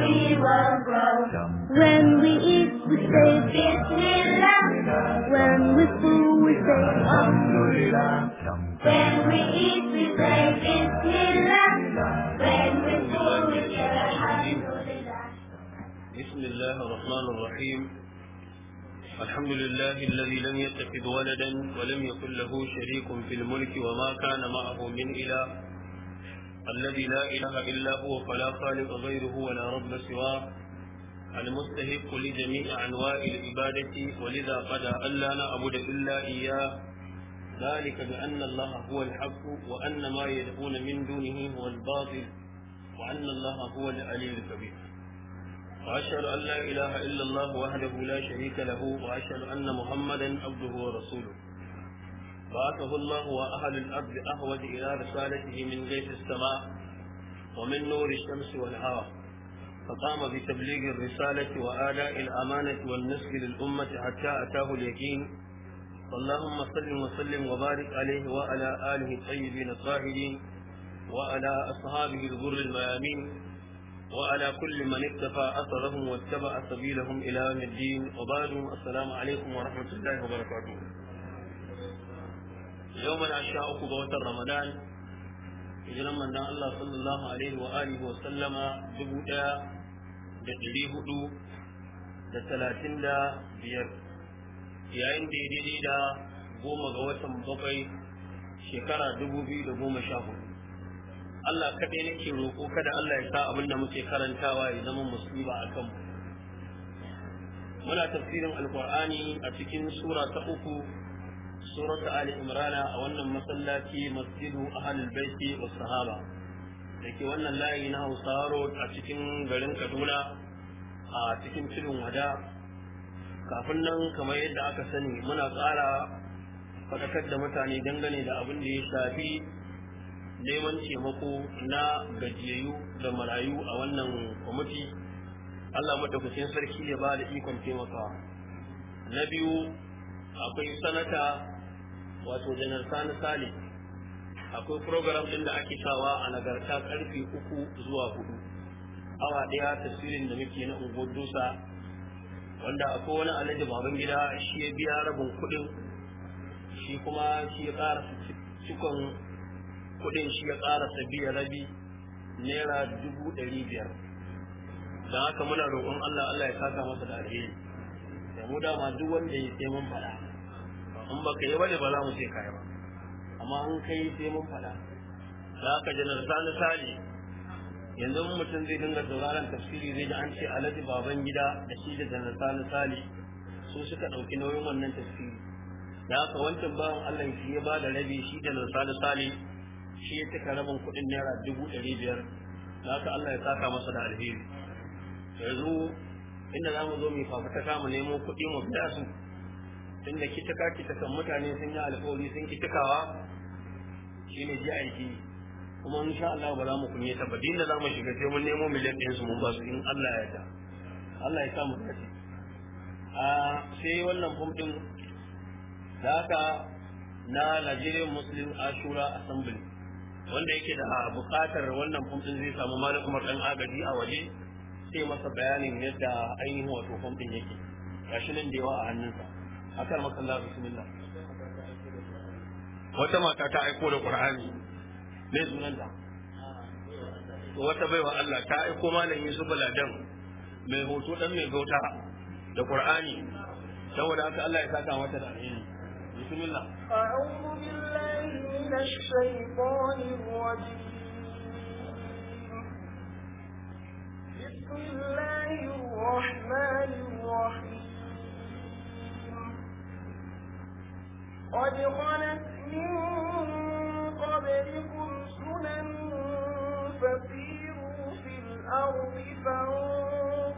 we will grow. When we eat, we say Bismillah. When we fool, we say Alhamdulillah. When we eat, we say Bismillah. When we fool, we say Alhamdulillah. Bismillah ar-Rahman ar-Rahim. الحمد لله الذي لم يتخذ ولدا ولم يكن له شريك في الملك وما كان معه من إله الذي لا إله إلا هو فلا خالق غيره ولا رب سواه المستحق لجميع أنواع العبادة ولذا قد ألا نعبد إلا إياه ذلك بأن الله هو الحق وأن ما يدعون من دونه هو الباطل وأن الله هو العلي الكبير وأشهد أن لا إله إلا الله وحده لا شريك له وأشهد أن محمدا عبده ورسوله بعثه الله وأهل الأرض أهود إلى رسالته من غيث السماء ومن نور الشمس والهوى فقام بتبليغ الرسالة وآلاء الأمانة والنسك للأمة حتى أتاه اليقين اللهم صل وسلم وبارك عليه وعلى آله الطيبين الطاهرين وعلى أصحابه الغر الميامين وعلى كل من اكتفى أثرهم واتبع سبيلهم إلى يوم الدين وبعد السلام عليكم ورحمة الله وبركاته a mana sha uku ga watan ramadan hijiran manzon Allah sallallahu alaihi wa alihi wa sallama dubu ɗaya da ɗari hudu da talatin da biyar yayin da daidai da goma ga watan bakwai shekara dubu biyu da goma sha hudu Allah kaɗai nake roƙo kada Allah ya sa abin da muke karantawa ya zama musiba a mu. muna tafsirin alkur'ani a cikin sura ta uku suratu ali imrana a wannan masallaci masjidu ahlul baiti was sahaba dake wannan layi na hausaro a cikin garin kaduna a cikin tudun wada kafin nan kamar yadda aka sani muna tsara faɗakar da mutane dangane da abin da ya shafi neman taimako na gajiyayyu da marayu a wannan kwamiti allah madaukakin sarki ya ba da ikon taimakawa na biyu akwai sanata wato janar sani sali akwai program din da ake sawa a nagarta karfe uku zuwa hudu awa daya tasirin da muke na unguwar dusa wanda akwai wani alhaji baban gida shi ya biya rabin kudin shi kuma shi ya ƙara cikon kudin shi ya ƙara biya rabi naira dubu ɗari biyar da haka muna roƙon allah allah ya saka masa da alheri da mu dama duk wanda ya sai mun fada in baka yi bane ba za mu ce kayi ba amma in kai sai mun faɗa za ka ji Sani misali yanzu mutum zai dinga sauraron tafsiri zai ji an ce alaji baban gida da shi da Sani misali su suka ɗauki nauyin wannan tafsiri da haka wancan bawan Allah shi ya ba da rabi shi da Sani misali shi ya cika rabin kuɗin naira dubu ɗari biyar da haka Allah ya saka masa da alheri yanzu inda za mu zo mu yi fafuta mu nemo kuɗi mu biya su Tunda kitaka kitaka mutane sun yi alkawari sun kitakawa shi ne ji aiki kuma in sha Allah ba za mu kunye ta ba din da za mu shiga sai mun nemo miliyan ɗin su mun ba su in Allah ya ta Allah ya sa mu a sai wannan fom din da na Nigerian Muslim Ashura Assembly wanda yake da buƙatar wannan fom din zai samu malam Umar dan agaji a waje sai masa bayanin yadda ainihin wato fom din yake gashi nan da yawa a hannunsa akar masallah bismillah wata mata ta aiko da qur'ani ne da wata baiwa Allah ta aiko malam Yusuf Ladan mai hoto dan mai bauta da qur'ani saboda haka Allah ya saka mata da alheri bismillah a'udhu billahi minash shaytanir rajim بسم الله الرحمن الرحيم قد خلت من قبلكم سنن فسيروا في الأرض فانظروا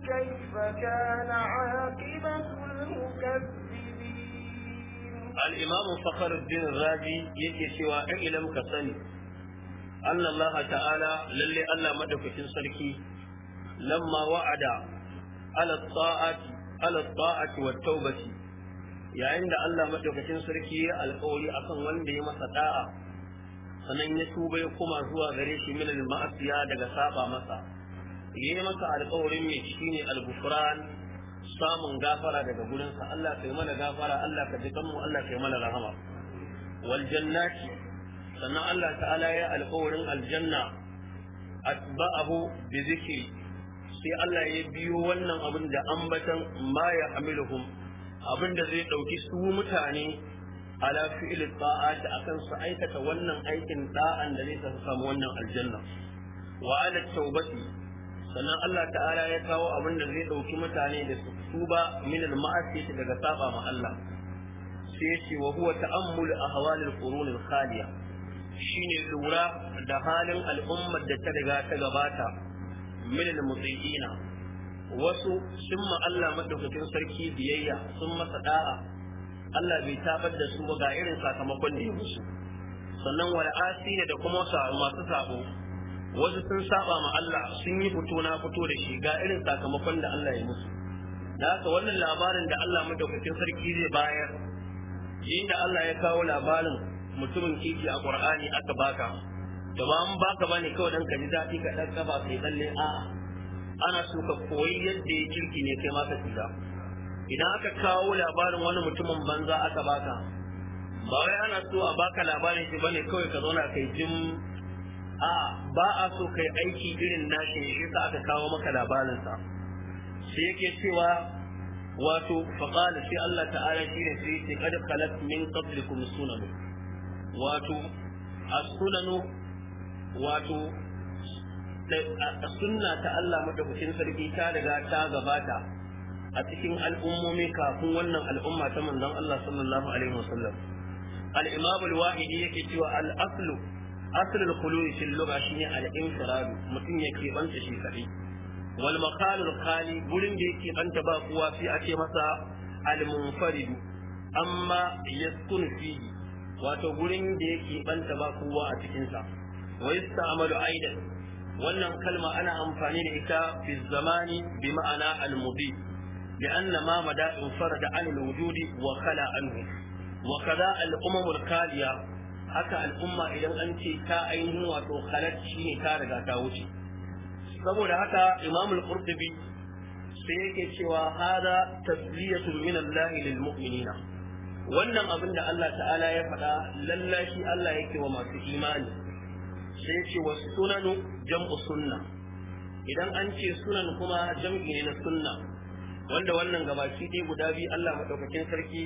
كيف كان عاقبة المكذبين الإمام فخر الدين الرازي يجي سوى إلى مكسني أن الله تعالى للي ألا في سركي لما وعد على الطاعة على الطاعة والتوبة yayin da Allah madaukakin sarki ya alƙawari akan wanda ya masa da'a sannan ya tuba ya koma zuwa gare shi min ma'asiya daga saba masa yayi masa alƙawarin mai shine al-ghufran samun gafara daga gurinsa Allah kai mana gafara Allah ka ji kanmu Allah kai mana rahama wal jannati sannan Allah ta'ala ya alƙawarin aljanna atba'ahu bi dhikri sai Allah ya biyo wannan abin da ambatan ma ya amiluhum abin da zai ɗauki su mutane ala fi'il ta'ati akan su aikata wannan aikin da'an da zai ta samu wannan aljanna wa ala taubati sannan Allah ta'ala ya kawo abin da zai ɗauki mutane da su tuba min al daga saba ma Allah sai ce wa huwa ta'ammul ahwal al-qurun al-khaliya shine lura da halin al'ummar da ta riga ta gabata min al wasu sun ma Allah madaukakin sarki biyayya sun masa da'a Allah bai tabar da su ga irin sakamakon da ya musu sannan wal asina da kuma masu sabo wasu sun saba ma Allah sun yi fito na fito da shi ga irin sakamakon da Allah ya musu da haka wannan labarin da Allah madaukakin sarki zai bayar inda Allah ya kawo labarin mutumin kiji a Qur'ani aka baka to ba mun baka bane kawai dan ka ji daɗi ka dan kafa sai a'a ana so ka koyi yadda ya kirki ne kai maka tsira idan aka kawo labarin wani mutumin banza aka baka ba wai ana so a baka labarin shi bane kawai ka zauna kai jin a ba a so kai aiki irin nashi shi sa aka kawo maka labarinsa sai yake cewa wato qala sai Allah ta'ala shi ne sai ce kada khalat min qablikum sunan wato as sunanu wato sunna ta Allah madaukakin sarki ta riga ta gabata a cikin al'ummomi kafin wannan al'umma ta manzon Allah sallallahu alaihi wasallam al-imam al-wahidi yake cewa al-aslu aslu al-khuluwi fil lugha shine al-infirad mutum yake banta shi kadai wal maqal al-khali gurin da yake banta ba kuwa fi ake masa al-munfarid amma yaskun fihi wato gurin da yake banta ba kuwa a cikin sa wa yasta'malu aidan wannan kalma ana amfani da ita fi zamani bi ma'ana al-mudi لأن ما مدى انفرد عن الوجود وخلى عنه وكذا الأمم الخالية haka al'umma idan an ce ta ainihin wato khalat shine ta riga ta wuce saboda haka imam al-qurtubi sai yake cewa hada tasliyatun min Allah lil mu'minina wannan abin da Allah ta'ala ya faɗa lallashi Allah yake wa masu imani sai ya ce wa sunanu jam'u sunna idan an ce sunan kuma jam'i ne na sunna wanda wannan gabaki dai guda biyu Allah madaukakin sarki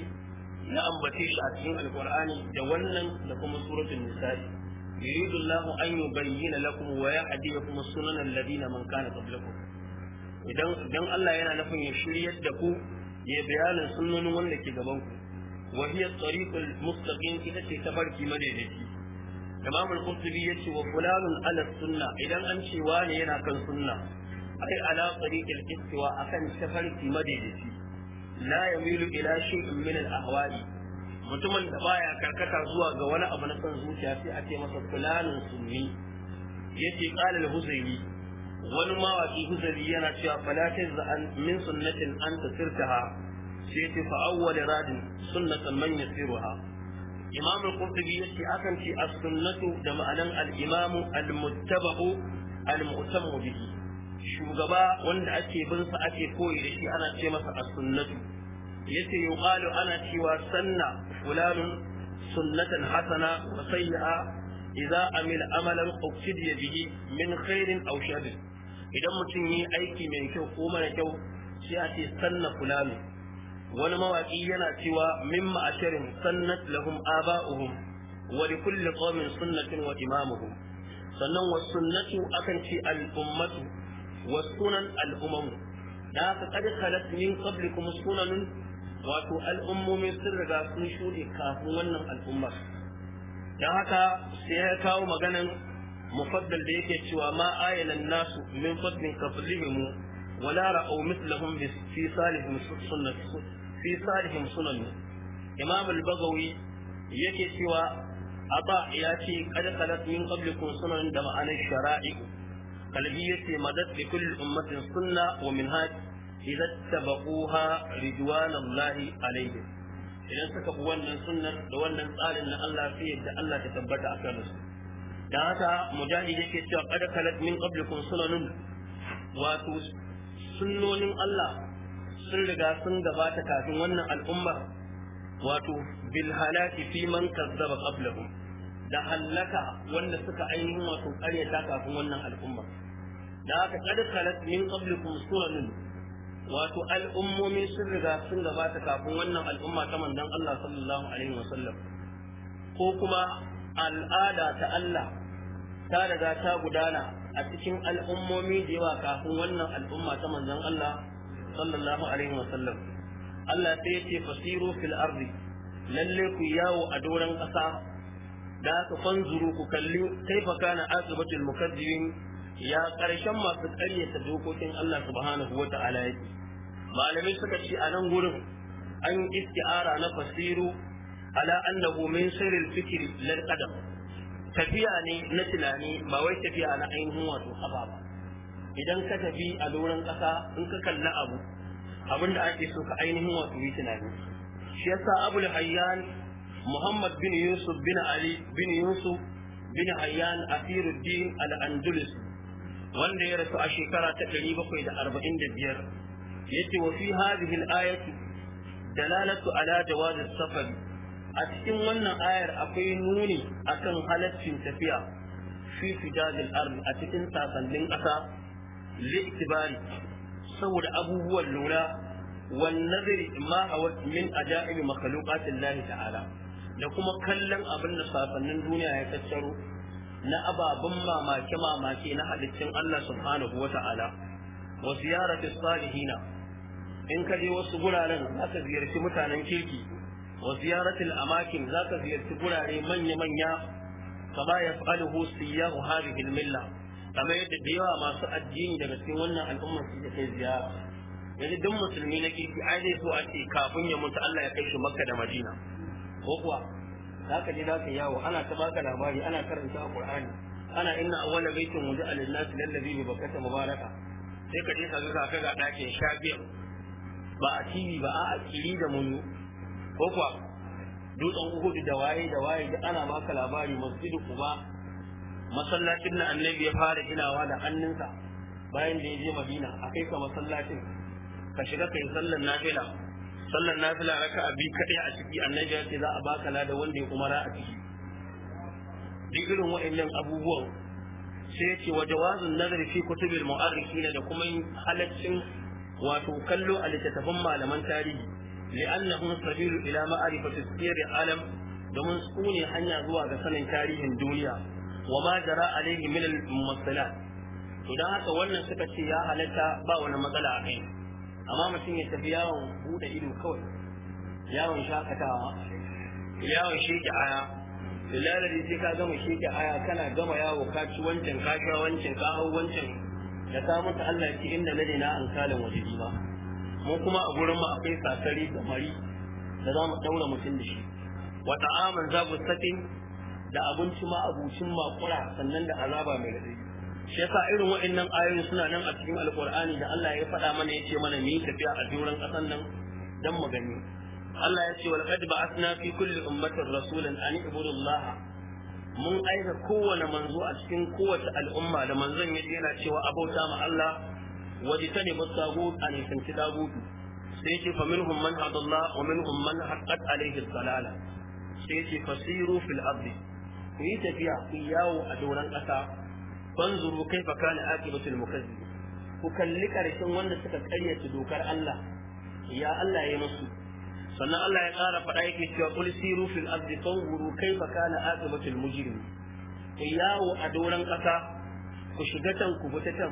na ambace shi a cikin alqur'ani da wannan da kuma suratul nisa'i يريد الله أن يبين لكم ويهديكم السنن الذين من كان قبلكم idan idan Allah yana nufin ya shiryar da ku ya bayanin sunnonin wanda ke gaban ku wa hiya tariqul mustaqim ita ce tabarki madaidaici imam al-qurtubi yace wa fulanun ala sunna idan an ce wani yana kan sunna ai ala tariqil istiwa akan tafarki madaidaici la yamilu ila shay'in min al-ahwa'i mutumin da baya karkata zuwa ga wani abu na son zuciya sai a ce masa fulanun sunni yace qala al-huzayli wani mawaki huzari yana cewa falatin min sunnatin anta sirtaha sai ta fa'awwal radin sunnatan man yasiruha imam al-qurtubi yace akan ce as-sunnatu da ma'anan al-imam al bihi shugaba wanda ake bin sa ake koyi da shi ana ce masa as-sunnatu yace yuqalu ana cewa sanna fulanun sunnatan hasana wa sayyi'a idza amil amalan uqsidiya bihi min khairin aushari. idan mutum yi aiki mai kyau ko mara kyau sai a ce sanna fulanu wani mawaki yana cewa min asharin sannat lahum aba'uhum wa li kulli qaumin sunnatun wa imamuhum sannan wa sunnatu akan ci al ummatu wa sunan al umam da ka kada khalat min qablikum sunanun wato al'ummomin sun riga sun shuɗe kafin wannan al'ummar Da haka sai ya kawo maganan mufaddal da yake cewa ma ayanan nasu min fadlin kaflihim wala ra'aw mithlahum fi salihim sunnah fi salihin sunan imam al-bagawi yake cewa aba ya ce kada kalat min qablikum sunan da ma'anar shara'i kalbi yace madad li kulli ummatin sunna wa minhaj idza tabaquha ridwanallahi alayhi idan suka bi wannan sunnan da wannan tsarin na Allah fi yadda Allah ta tabbata a su, da haka mujahid yake cewa kada kalat min qablikum sunan wato sunnonin Allah sun riga sun gabata kafin wannan al'umma wato bil fi man kazzaba qablahum da hallaka wanda suka ainihin wato ƙaryata kafin wannan al'umma da aka kad khalat min qablikum suranun wato al'ummomi sun riga sun gabata kafin wannan al'umma ta manzon Allah sallallahu alaihi wasallam ko kuma al'ada ta Allah ta riga ta gudana a cikin al'ummomi da yawa kafin wannan al'umma ta manzon Allah sallallahu alaihi wasallam Allah sai yace fasiru fil ardi lalle ku yawo a doran ƙasa da ka fanzuru ku kalli kaifa kana aqibatul mukaddibin ya karshen masu ƙaryata dokokin Allah subhanahu wata'ala yake malamai suka ce a nan gurin an isti'ara na fasiru ala annahu min sirril fikri lil qadam tafiya ne na tunani ba wai tafiya na ainihin wato haba ba idan ka tafi a doron ƙasa in ka kalla abu abin da ake so ka ainihin wasu yi tunani shi yasa abul hayyan muhammad bin yusuf bin ali bin yusuf bin hayyan asiruddin al-andalus wanda ya rasu a shekara ta 745 yace wa fi hadhihi al-ayati dalalatu ala jawaz safar a cikin wannan ayar akwai nuni akan halaccin tafiya fi fijajil ardi a cikin sasannin ƙasa li'tibari saboda abubuwan lura wan zai ma a min ajaibi makhluqatin lahi ta'ala da kuma kallon abin da safannin duniya ya tattaro na ababen mamake mamake na halittun Allah subhanahu wa ta'ala wa salihina in ka je wasu guraren zaka ziyarci mutanen kirki wa ziyaratil amakin zaka ziyarci gurare manya manya kama yaf'aluhu siyahu hadhihi al-milla kamar yadda da yawa masu addini daga cikin wannan al'umma su ke kai ziyara yanzu duk musulmi na kirki ai zai so a ce kafin ya mutu Allah ya kai shi Makka da Madina ko kuwa za ka je za ka yawo ana ta baka labari ana karanta Qur'ani ana inna awwala baitin wudu'a lin-nas lallazi bi bakkata mubaraka sai ka je ka ga ka ga dakin Shafi'i ba a tv ba a kiri da munu ko kuwa dutsen uhudu da waye da waye ana baka labari masjidu kuma masallacin na annabi ya fara ginawa da hannunsa bayan da ya je madina a kai ka masallacin ka shiga kai sallar nafila sallar nafila raka a bi kaɗai a ciki annabi ya ce za a baka da wanda ya umara a ciki duk irin wa'annan abubuwan sai ya ce wa jawazun nazari fi kutubil mu'arrikhina da kuma halaccin wato kallo a littattafan malaman tarihi li'annahum sabilu ila ma'rifati sirri alam domin su ne hanya zuwa ga sanin tarihin duniya wa ma jara alaihi min al-mumassala to dan haka wannan suka ce ya halatta ba wani matsala a kai amma mutum ya tafi yawon bude ido kawai yawon shakatawa yawon shege aya bilalari sai ka gama shege aya kana gama yawo ka ci wancan ka sha wancan ka hau wancan da ka mata Allah ki inda lade na an kalin waje ba mu kuma a gurin mu akwai sasari da mari da za mu daura mutum da shi wa ta'aman zabu satin da abinci ma abucin makura sannan da azaba mai radai shi yasa irin waɗannan ayoyi suna nan a cikin alkur'ani da Allah ya faɗa mana ya ce mana mu tafiya a duran ƙasan nan dan mu gani Allah ya ce wal qad ba'athna fi kulli ummatin rasulan an ibudu Allah mun aika kowane manzo a cikin kowace al'umma da manzon ya yana cewa abauta ma Allah wajitani basagut an santi dagutu sai ce fa minhum man hadallah wa minhum man haqqat alayhi dalala sai ce fasiru fil ardi ku yi tafiya ku yawo a doron ƙasa banzuru kai fa kana aqibatul mukazzib ku kalli karshen wanda suka karyata dokar Allah ya Allah ya musu sannan Allah ya ƙara faɗa yake cewa qul siru fil ardi fanzuru kaifa kana aqibatul mujrim ku yawo a doron ƙasa ku shiga can ku fita can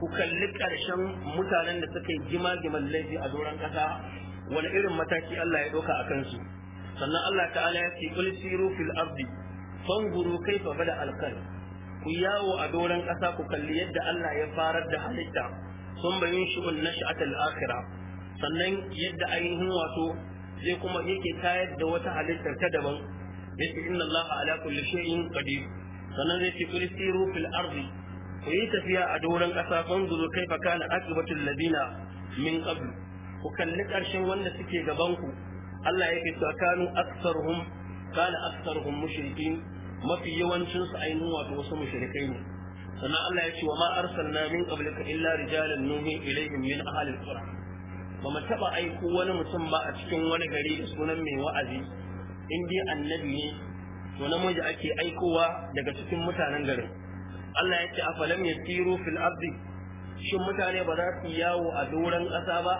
ku kalli ƙarshen mutanen da suka yi gima-giman laifi a doron ƙasa wani irin mataki Allah ya ɗauka a kansu sannan Allah ta'ala ya ce qul siru fil ardi fanguru kai fa bada alkar ku yawo a doron ƙasa ku kalli yadda Allah ya farar da halitta sun bayin shi'un nash'atul akhirah sannan yadda ainihin wato zai kuma yake tayar da wata halittar ta daban yace inna Allah ala kulli shay'in qadir sannan zai ce kuli siru fil ardi ku yi tafiya a doron ƙasa fanguru kai fa kana aqibatul ladina min qabl ku kalli ƙarshen wanda suke gaban ku Allah yake cewa kanu aktsaruhum kana aktsaruhum mushrikin mafi yawancin su ainihin wato wasu mushrikai ne sannan Allah ya ce wa ma arsalna min qablika illa rijalan nuhi ilaihim min ahli al-qura ba mu taba aiko wani mutum ba a cikin wani gari da sunan mai wa'azi in dai annabi ne to namiji ake aikowa daga cikin mutanen garin Allah ya ce afalam yasiru fil ardi shin mutane ba za su yawo a doran ƙasa ba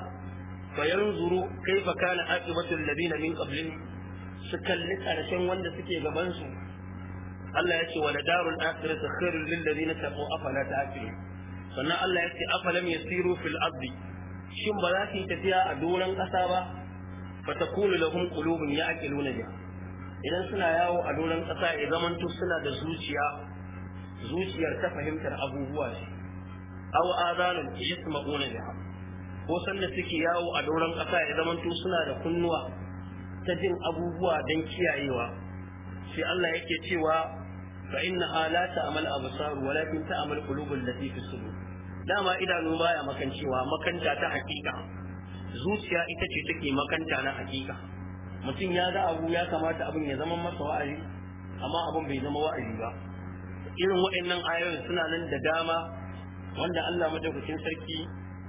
fayanzuru kaifa kana aqibatul ladina min qablihim su kalli ƙarshen wanda suke gabansu Allah ya ce wa ladarul akhirati khairul lil ladina taqu afala ta'qilun sannan Allah ya ce afalam yasiru fil ardi shin ba za su yi tafiya a doron ƙasa ba fa takunu lahum qulubun ya'qiluna biha idan suna yawo a doron ƙasa ya zamanto suna da zuciya zuciyar ta fahimtar abubuwa ce aw adanun yasma'una biha ko sanda suke yawo a doron ƙasa ya zamanto suna da kunnuwa ta jin abubuwa don kiyayewa sai Allah yake cewa fa innaha la ta'mal absar walakin ta'mal qulubul lati fi sudur dama idanu baya makancewa makanta ta hakika zuciya ita ce take makanta na hakika mutum ya ga abu ya kamata abin ya zama masa wa'azi amma abin bai zama wa'azi ba irin waɗannan ayoyin suna nan da dama wanda Allah madaukakin sarki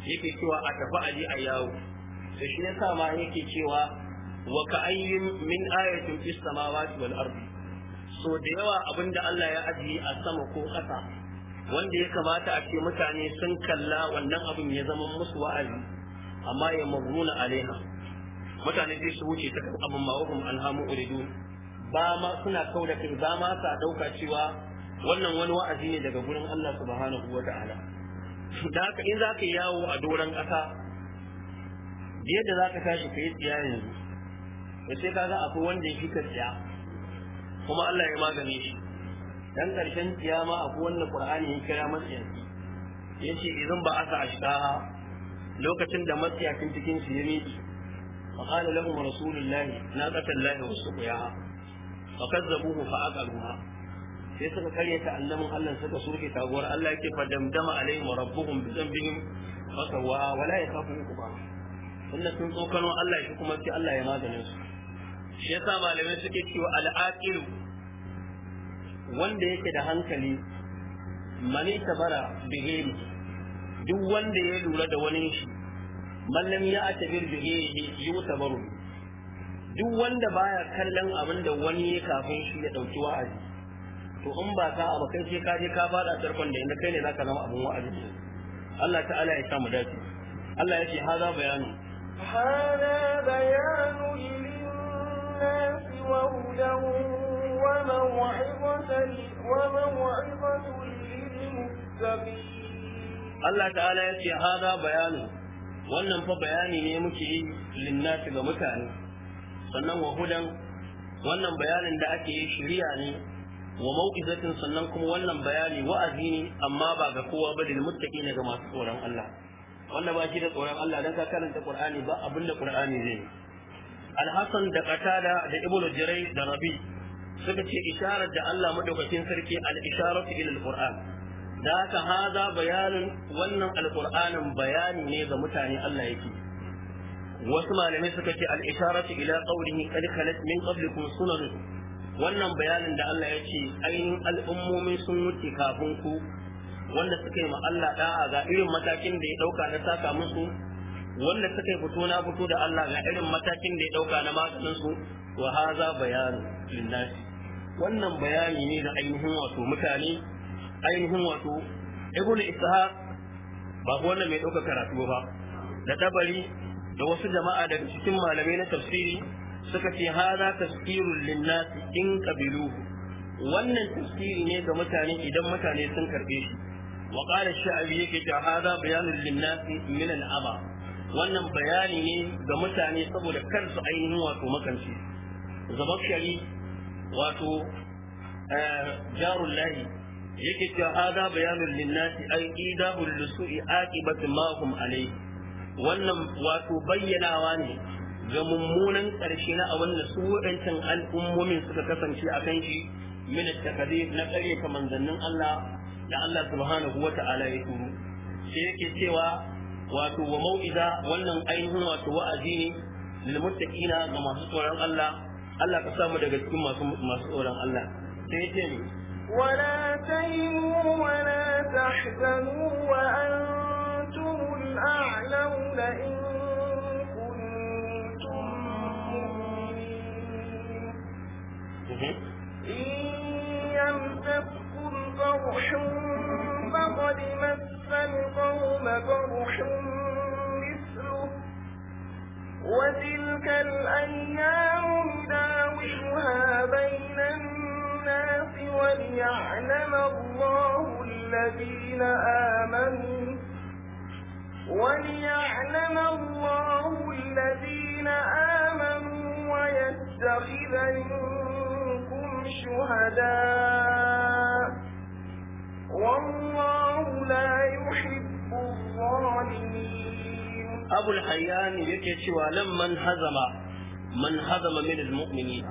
yake cewa a tafi aji a yawo da shi sa ma yake cewa wa ka'ayyin min ayatin fis samawati wal ardi so da yawa abin da Allah ya ajiye a sama ko ƙasa wanda ya kamata a ce mutane sun kalla wannan abin ya zama musu wa'azi amma ya mabruna alaiha mutane sai su wuce ta abin ma wahum alhamu uridu ba ma suna kau da ba ma sa dauka cewa wannan wani wa'azi ne daga gurin Allah subhanahu wa ta'ala da haka in za ka yawo a doron ƙasa yadda za ka tashi ka yi tsiya yanzu sai ka ga akwai wanda ya fi ka tsiya kuma Allah ya magane shi dan karshen kiyama akwai wanda Qur'ani ya kira matsiyaci yace idan ba aka ashkaha lokacin da matsiyacin cikin su ya miƙe fa qala lahum rasulullahi naqatan lahi wa suqiyaha fa kazzabuhu fa aqaluha sai suka karya ta annabin Allah suka soke taguwar Allah yake fa damdama alaihim rabbuhum bi dhanbihim fa sawaha wa la yakhafu uqba wannan sun tsokano Allah shi kuma sai Allah ya maganin su shi yasa malamai suke cewa al'aqilu wanda yake da hankali mani tabara bihim duk wanda ya lura da wani shi mallam ya atabir bihim yutabaru duk wanda baya kallon abin da wani ya kafin shi ya dauki wa'azi to in ba ka abu kai sai ka je ka fada tarkon da inda kai ne zaka zama abin wa'azi Allah ta'ala ya samu dace Allah ya ce hada bayanu hada bayanu للناس وهدى وموعظة للمتقين Allah ta'ala ya ce hada bayanu wannan fa bayani ne muke yi linnasi ga mutane sannan wa hudan wannan bayanin da ake yi shari'a ne wa mau'izatin sannan kuma wannan bayani wa'azi ne amma ba ga kowa ba lil muttaqina ga masu tsoron Allah wanda ba shi da tsoron Allah dan ka karanta Qur'ani ba abinda Qur'ani zai yi alhassan da qatada da ibnu jirai da rabi suka ce isharar da Allah madaukakin sarki al-isharatu ila al-qur'an da haza bayanin wannan alqur'anin bayani ne ga mutane Allah yake wasu malamai suka ce al-isharatu ila qawlihi qad khalat min qablikum sunan wannan bayanin da Allah ya ce ainihin al'ummomi sun wuce kafin ku wanda suka yi ma Allah da'a ga irin matakin da ya dauka na saka musu wanda suka yi fito na fito da Allah ga irin matakin da ya dauka na maganin su wa haza bayanu linnasi wannan bayani ne da ainihin wato mutane ainihin wato ibnu ishaq ba wannan mai dauka karatu ba da dabari da wasu jama'a daga cikin malamai na tafsiri suka ce haza tafsirul linnasi in qabiluhu wannan tafsiri ne ga mutane idan mutane sun karbe shi وقال الشعبي يكي هذا بيان للناس من الأمر wannan bayani ne ga mutane saboda kansu ainihin wato makanci zabakshari wato eh, jarullahi yake cewa hada bayanin linnasi ai idahul lusu'i aqibatu ma hum alai wannan wato bayyanawa ne ga mummunan ƙarshe na abin da su waɗancan al'ummomin suka kasance a kan shi min takadi na ƙarye manzannin Allah da Allah subhanahu wa ta'ala ya turo sai yake cewa wato wa mau'iza wannan ainihin wato wa'azi ne lil ga masu tsoron Allah Allah ka samu daga cikin masu masu tsoron Allah sai ya ce ni ولا تهنوا ولا تحزنوا وأنتم الأعلون إن كنتم مؤمنين إن يمسككم قرح فقد مس فالقوم فرح مثله وتلك الأيام نداولها بين الناس وليعلم الله الذين آمنوا وليعلم الله الذين آمنوا ويتخذ منكم شهداء abul hayyani yake cewa lam man hazama man hazama min almu'minin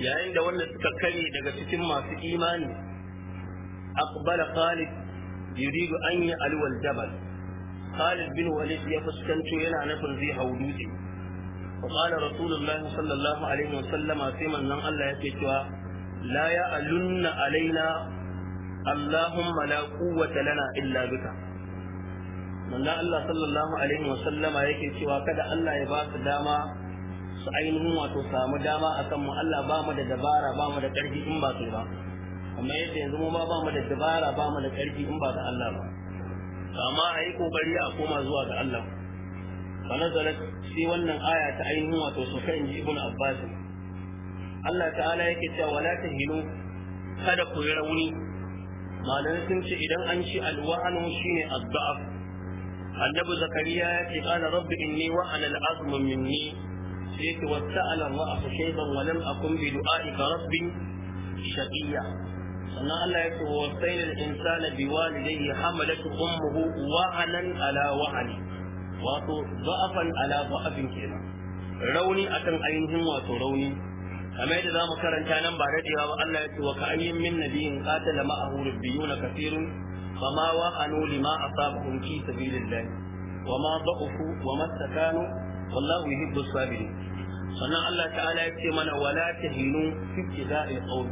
yayin da wanda suka kare daga cikin masu imani aqbala khalid yuridu an yi alwal jabal khalid bin walid ya fuskanto yana nufin zai hau dutse وقال رسول الله صلى الله عليه وسلم سيما أن الله يكتوى لا يألن علينا اللهم لا قوة لنا إلا بك manzon Allah sallallahu alaihi wa sallama yake cewa kada Allah ya ba su dama su ainihin wato samu dama a kanmu, Allah ba mu da dabara ba mu da ƙarfi in ba su ba amma yadda yanzu mu ma ba mu da dabara ba mu da ƙarfi in ba ga Allah ba amma a yi ƙoƙari a koma zuwa ga Allah fa nazalat sai wannan aya ta ainihin wato su kan ji ibn Abbas Allah ta'ala yake cewa wala tahinu kada ku yi rauni malamai sun ce idan an ci alwa'anu shine adda'af annabi zakariya ya ce qala rabbi inni wa ana al-azm minni sai ta ce wasa'ala Allah shayban wa lam akun bi du'aika rabbi shaqiya sannan Allah ya ce wa sayna al-insana bi walidayhi hamalatu ummuhu wa'anan ala wa'ani wato da'afan ala da'afin kenan rauni akan ainihin wato rauni kamar yadda za mu karanta nan ba daɗewa ba Allah ya ce wa ka'ayyin min nabiyin qatala ma'ahu rabbiyuna kathirun فما وهنوا لما أصابهم في سبيل الله وما ضعفوا وما استكانوا والله يحب الصابرين sannan Allah ta'ala ya ce mana wala tahinu fi ibtida'il qawm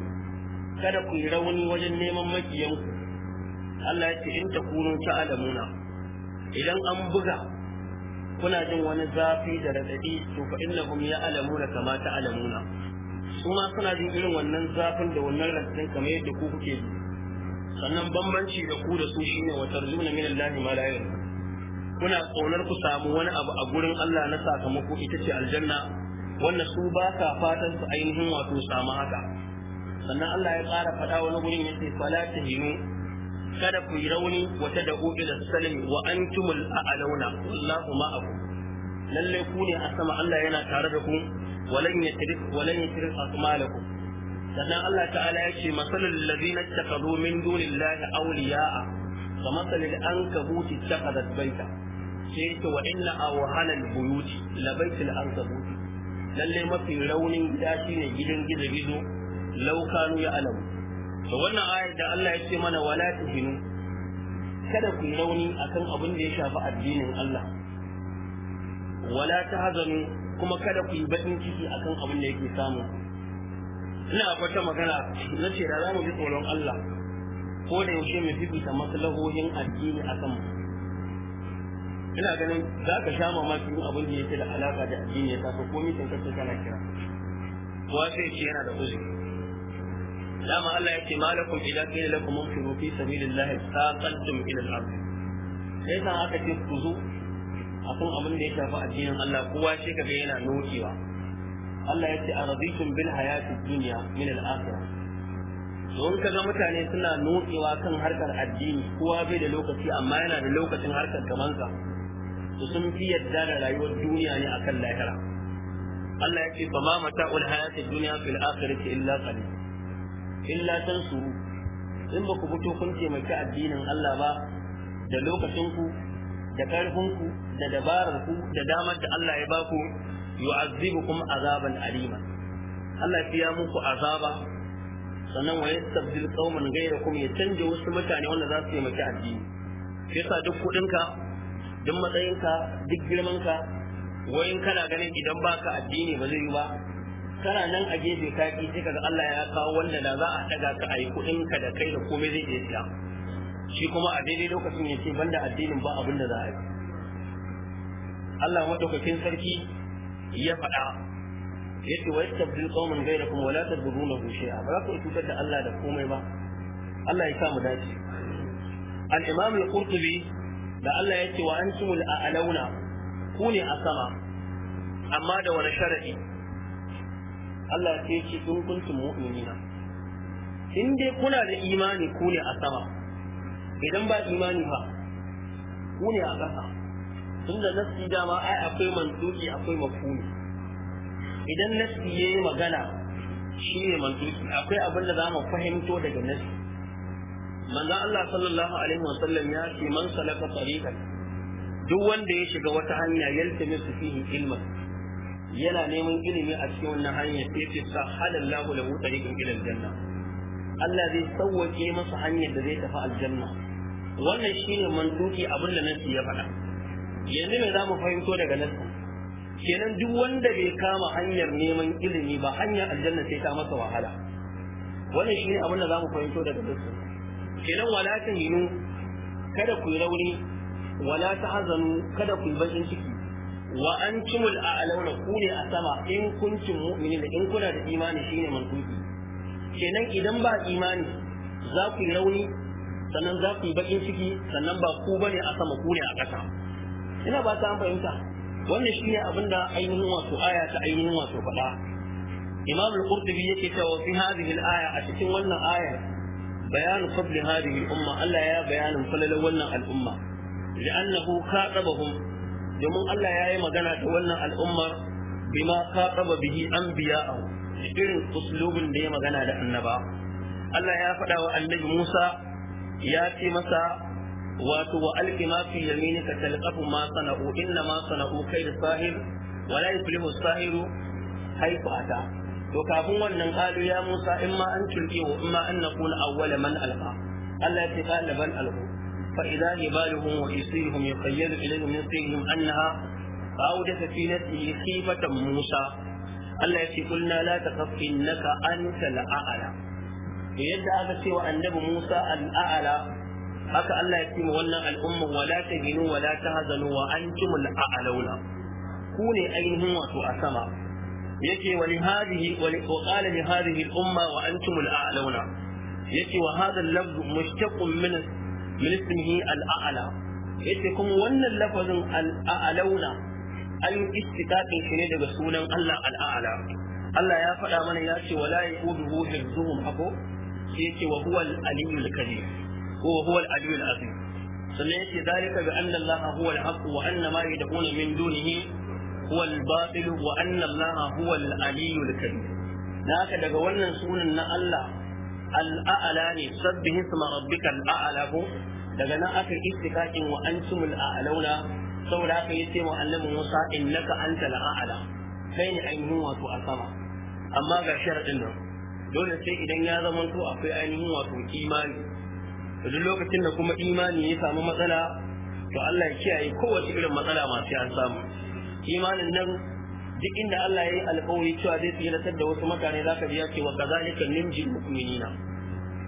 kada ku yi rauni wajen neman majiyanku. Allah ya ce in ta ta alamuna. idan an buga kuna jin wani zafi da radadi to fa innahum ya'lamuna kama ta alamuna. su ma suna jin irin wannan zafin da wannan radadin kamar yadda ku kuke ji sannan bambanci da ku da su shine wa tarjuna min Allah ma la kuna tsaunar ku samu wani abu a gurin Allah na sakamako ita ce aljanna wanda su ba ka fatan su ainihin wato samu haka sannan Allah ya ƙara faɗa wani gurin yace fala tahinu kada ku yi rauni wa tad'u ila salmi wa antumul a'launa wallahu ma'akum Lallai ku ne a sama Allah yana tare da ku walan yasrif walan yasrif asmalakum sannan Allah ta'ala ya ce masalul ladina ittakhadhu min dunillahi awliya'a ka masalil ankabuti ittakhadhat baita sai ce wa inna awhana albuyuti la baitul buci. lalle mafi raunin gida shine gidan gizo-gizo law ya alamu to wannan ayar da Allah ya ce mana wala tuhinu kada ku rauni akan abin da ya shafi addinin Allah wala ta tahzanu kuma kada ku yi bakin ciki akan abin da yake samu ina fata magana na ce da za mu bi tsoron Allah ko da yaushe mu fifita maslahohin addini a kan ina ganin za ka sha mamakin abin da yake da alaka da addini ya tafi ko mitin kacce kana kira wa sai ce yana da uzuri dama Allah ya ce malakum idza qila lakum munfiru fi sabilillahi saqaltum ila al-ard sai san aka ce ku zo akan abin da ya shafi addinin Allah kowa ka ga yana nokewa Allah ya ce a rabitun bil hayati duniya min al akhirah don kaga mutane suna notsewa kan harkar addini kowa bai da lokaci amma yana da lokacin harkar kamansa to sun fi yadda da rayuwar duniya ne akan lahira Allah ya ce fa ma mata'ul hayati duniya fil akhirati illa qalil illa tansuru in ba ku fito kun taimaki addinin Allah ba da lokacinku, da ku da dabarar ku da damar da Allah ya baku yu'azzibukum azaban alima Allah ya muku azaba sannan wa yastabdil qauman ghayrakum ya canja wasu mutane wanda za su yi maki addini sai sa duk kudinka duk matsayinka duk girmanka wayin kana ganin idan baka addini ba zai yi ba kana nan a gefe ka ki sai kaga Allah ya kawo wanda da za a daga ka ayi kudinka da kai da komai zai je siya shi kuma a daidai lokacin ya ce banda addinin ba abin da za a yi Allah madaukakin sarki ya faɗa ya yace wa yastabdil qauman kuma wa la tadrunahu shay'a ba za ku cutar da Allah da komai ba Allah ya sa mu dace al-imam al-qurtubi da Allah ya ce wa antumul a'launa ku ne a sama amma da wani sharadi Allah ya ce in kuntum mu'minina in dai kuna da imani ku ne a sama idan ba imani ba ku ne a ƙasa tunda nassi dama ai akwai mantuki akwai mafhumi idan nassi yayi magana shi ne mantuki akwai abin da za mu fahimto daga nassi manzon Allah sallallahu alaihi sallam ya ce man salaka tariqan duk wanda ya shiga wata hanya su fihi ilman yana neman ilimi a cikin wannan hanya sai ce sahalallahu lahu tariqan ila aljanna Allah zai sauwake masa hanyar da zai tafi aljanna wannan shine mantuki abin da nassi ya faɗa yanzu me za mu fahimto daga nan kenan duk wanda bai kama hanyar neman ilimi ba hanyar aljanna sai ta masa wahala wannan shine abin da za mu fahimto daga nan kenan wala ta hinu kada ku yi rauni wala ta hazanu kada ku yi bakin ciki wa an cimul a a'launa ku ne a sama in kuntum mu'minin in kuna da imani shine mantuki kenan idan ba imani za ku yi rauni sannan za ku yi bakin ciki sannan ba ku bane a sama ku ne a ƙasa ina ba ta fahimta wannan ne abin da ainihin wato aya ta ainihin wato faɗa imam al-qurtubi yake cewa fi hadhihi al-aya a cikin wannan aya bayan fadli hadhihi al-umma Allah ya bayanin falalar wannan al-umma li'annahu khatabahum domin Allah ya yi magana da wannan al'ummar bima khataba bihi anbiya'ahu irin uslubin da ya magana da annaba Allah ya faɗa wa annabi Musa ya ce masa wato wa alqi ma fi ka talqafu ma sana'u inna ma sana'u kaydu sahir wa la yuflihu sahiru haifu ata to kafin wannan qalu ya musa in ma an tulqi wa in ma an naqul awwala man alqa Allah ya ce qalaban alqu fa idha hibaluhum wa yusihum yuqayyalu ilayhim min sihim annaha awdat fi nafsihi khifatan musa Allah ya ce kulna la taqaf innaka anta al'ala yadda aka ce wa annabi Musa al'ala haka Allah ya ce wa wannan al'umma wala tahinu wala tahzanu wa antumul a'launa ku ne ainihin wato a sama yake wa li hadhihi wa li qala li hadhihi al-umma wa antumul a'launa yake wa hadha al-lafz mushtaqun min min ismihi al-a'la yace kuma wannan lafazin al-a'launa an istiqaqin shi ne daga sunan Allah al-a'la Allah ya faɗa mana ya ce wala yaquduhu hifzuhum hako sai yace wa huwa al-aliyyul kabir هو العلي العظيم sannan yake zalika bi anna Allah huwa al-haq wa anna ma yad'una min dunihi huwa al-batil wa anna Allah huwa al-aliyyu al-kabir daga wannan sunan na Allah al ne sabbih isma rabbika al-a'la ko daga na aka istiqaqin wa antumul a'launa saboda haka yace wa annabi Musa innaka antal ne ainihin wato a sama amma ga sharadin dole sai idan ya zamanto akwai ainihin wato kimani to duk lokacin da kuma imani ya samu matsala to Allah ya kiyaye kowace irin matsala masu an samu imanin nan duk inda Allah ya yi alƙawari cewa zai tsiratar da wasu mutane za ka ji ya ce wa kazalika nimjil mu'minina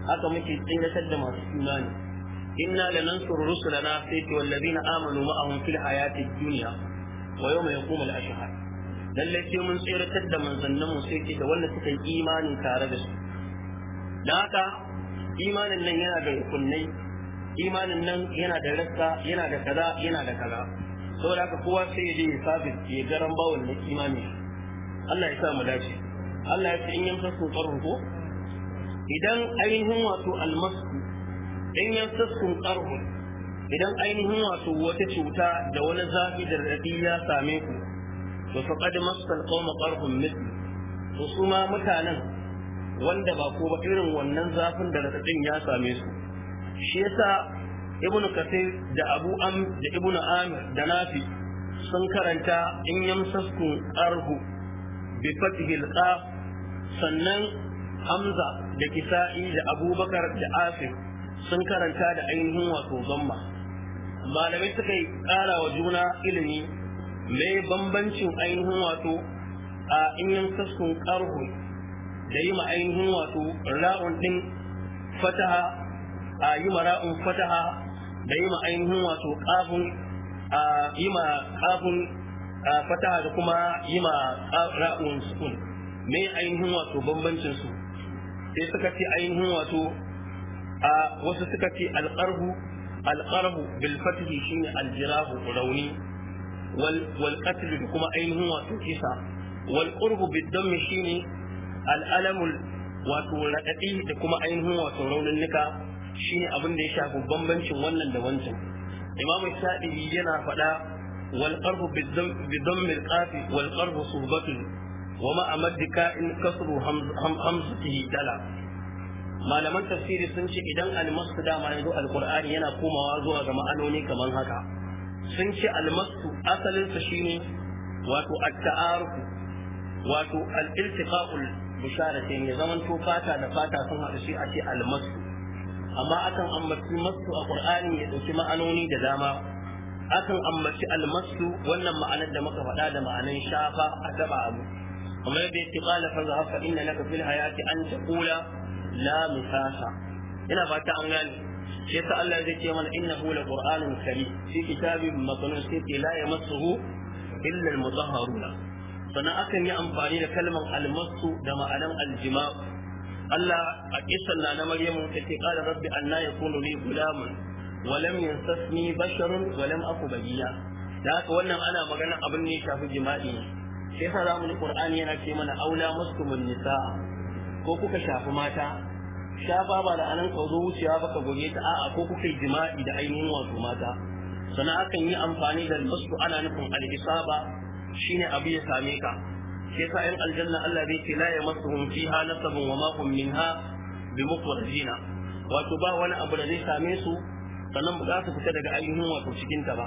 haka muke tsiratar da masu imani inna lanansuru rusulana sai ce wallazina amanu ma'ahum fil hayati dunya wa yawma yaqumu al-ashhad lallai sai mun tsiratar da manzannin mu sai ce da wanda suka yi imani tare da su da haka imanin nan yana da rukunai imanin nan yana da rassa yana da kaza yana da kaza saboda haka kowa sai ya je ya sabis ya garan bawon na imani Allah ya sa mu dace Allah ya ce in yamsa su karun ko idan ainihin wato almasu in yamsa su karun idan ainihin wato wata cuta da wani zafi da radi ya same ku to faqad masal qawma qarhum mithl to su ma mutanen wanda ba ko ba irin wannan zafin da rasadin ya same su shi yasa ibn kathir da abu am da ibn amir da nafi sun karanta in yamsasku arhu bi fathil sannan hamza da kisa'i da abubakar da asif sun karanta da ainihin wato zamma malamai suka yi kara wa juna ilimi mai bambancin ainihin wato a in yamsasku arhu da yi ma ainihin wato ra'un din fataha a yi ma ra'un fataha da yi ma ainihin wato kafin a yi ma kafin fataha da kuma yi ma ra'un sukun me ainihin wato bambancin su sai suka ce ainihin wato a wasu suka ce alƙarhu, alƙarhu bil fathi shine aljirahu rauni wal wal qatl kuma ainihin wato kisa wal qurbu bid dammi shine al'alamul wato raɗaɗi da kuma ainihin wato shi ne abin da ya shafi bambancin wannan da wancan imam shafi'i yana faɗa wal qarhu bi dhamm al qaf wal qarhu subatun wa ma amad ka'in kasru hamzatihi dala malaman tafsiri sun ce idan almasu dama yanzu alqur'ani yana komawa zuwa ga ma'anoni kamar haka sun ce almasu asalinsa shine wato at-ta'aruf wato al-iltiqa'ul busharatain ya zaman to fata da fata sun haɗu shi a ce almasu amma akan ambaci masu a ƙur'ani ya ɗauki ma'anoni da dama akan ambaci almasu wannan ma'anar da muka faɗa da ma'anar shafa a taɓa abu amma yadda yake qala fa zahafa inna laka fil hayati an taqula la misasa ina fata an gane sai ta Allah zai ce mana innahu la qur'anun karim fi kitabin matanun sai la yamassuhu illa al-mutahharuna sannan akan yi amfani da kalmar almasu da ma'anan aljima Allah a kisan na Maryamu ta ce qala rabbi anna yakunu li gulamun wa lam yansasni basharun wa lam aku bagiya da haka wannan ana magana abin ne shafi jima'i sai zamu qur'ani yana ce mana aula muskumun nisa ko kuka shafi mata shafa ba da anan ka zo wucewa ka goge ta a'a ko kuka jima'i da ainihin wato mata sannan akan yi amfani da masu ana nufin ba. shine abu ya same ka Ke yasa yan aljanna Allah bai ce la yamassuhum fiha nasabun wa makon ma hum minha bimukrajina wato ba wani abu da zai same su sannan ba za su fita daga ainihin wato cikin ta ba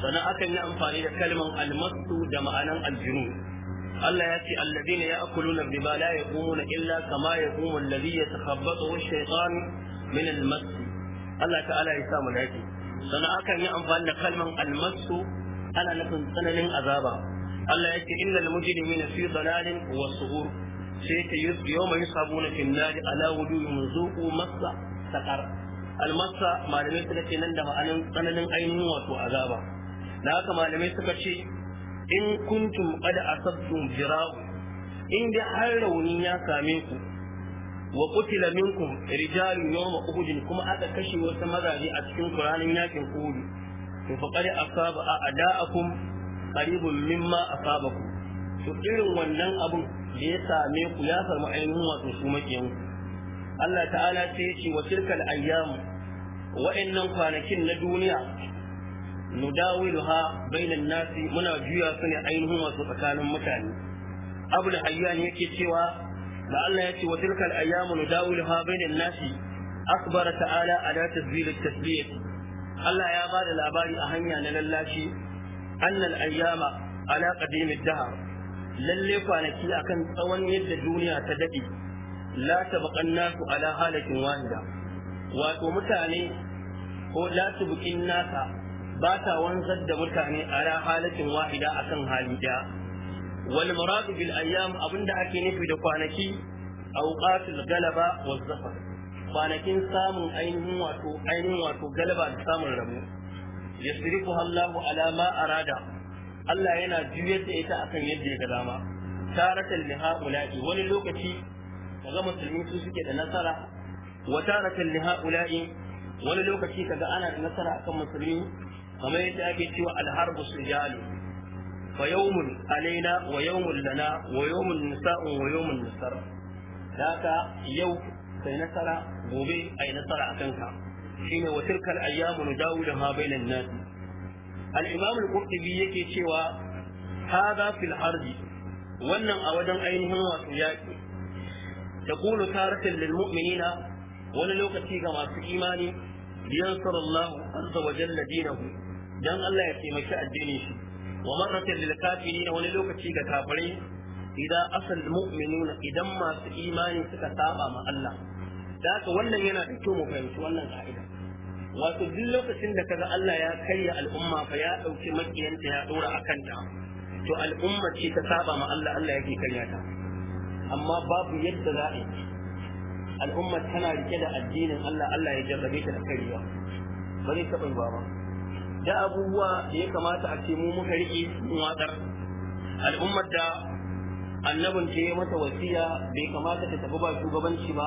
sannan akan yi amfani da kalman almasu da ma'anan aljinu Allah ya ce alladina ya'kuluna riba la yaqumuna illa kama ya alladhi yatakhabbathu ash-shaytan min almas Allah ta'ala ya sa mu lafiya sannan akan yi amfani da kalman almasu ana nufin tsananin azaba Allah yake innal mujrimina fi dalalin wa suhur sai ta yi yawma yusabuna fi nari ala wujuhihim zuqu massa saqar almassa malamai suka ce nan da ma'anin tsananin ainihin wato azaba da haka malamai suka ce in kuntum qad asabtum jira'u in da har rauni ya same ku wa qutila minkum rijalun yawma uhud kuma aka kashe wasu mazaje a cikin ranar yakin uhud to faqad asaba a'da'akum qaribun mimma asabaku to irin wannan abun da ya same ku ya samu ainihin wato su makiyan Allah ta'ala sai ya ce wa tilkal ayyam wa'annan kwanakin na duniya nudawiluha bainan nasi muna juya su ne ainihin wato tsakanin mutane abu da hayyan yake cewa da Allah ya ce wa tilkal ayyamu nudawiluha bainan nasi akbara ta'ala ala tazbil at-tasbih Allah ya bada labari a hanya na lallashi annal ayyama ala qadimid dahr lalle kwanaki akan tsawon yadda duniya ta dade la tabaqan nasu ala halakin wahida wato mutane ko la tubqin nasa ba ta wanzar da mutane ala halakin wahida akan hali daya wal muradu bil ayyam abinda ake nufi da kwanaki awqatul galaba waz zafar kwanakin samun wato ainihin wato galaba da samun rabu yasrifuha Allahu ala ma arada Allah yana juyar da ita akan yadda ya ga dama taratan li haula'i wani lokaci kaga musulmi su suke da nasara wa taratan li haula'i wani lokaci kaga ana da nasara akan musulmi kamar yadda ake cewa alharbu sijalu fa yawmun alaina wa yawmun lana wa yawmun nisa'un wa yawmun nasar haka yau kai nasara gobe ai nasara akan ka shine wa tilkal ayyamu nudawilha bainan nas al-imam al-qurtubi yake cewa hada fil ardi wannan a wajen ainihin wato yaki تقول تارة للمؤمنين wani lokaci ga masu imani liyansar Allah azza wa jalla dinahu dan Allah ya taimaki addinin shi wa marratan lil kafirin wani lokaci ga kafirai idan asal mu'minuna idan masu imani suka saba ma Allah da haka wannan yana da kyau mu fahimci wannan ka'ida wato duk lokacin da kaga Allah ya karya al'umma fa ya dauki makiyanta ya dora akan ta to al'umma ce ta saba ma Allah Allah yake karya ta amma babu yadda za a yi al'umma tana rike da addinin Allah Allah ya jarrabe ta da karyewa ba zai taɓa yiwa ba da abubuwa da ya kamata a ce mu muka rike mun watsar al'ummar da annabin ta yi mata wasiya bai kamata ta tafi ba shugabanci ba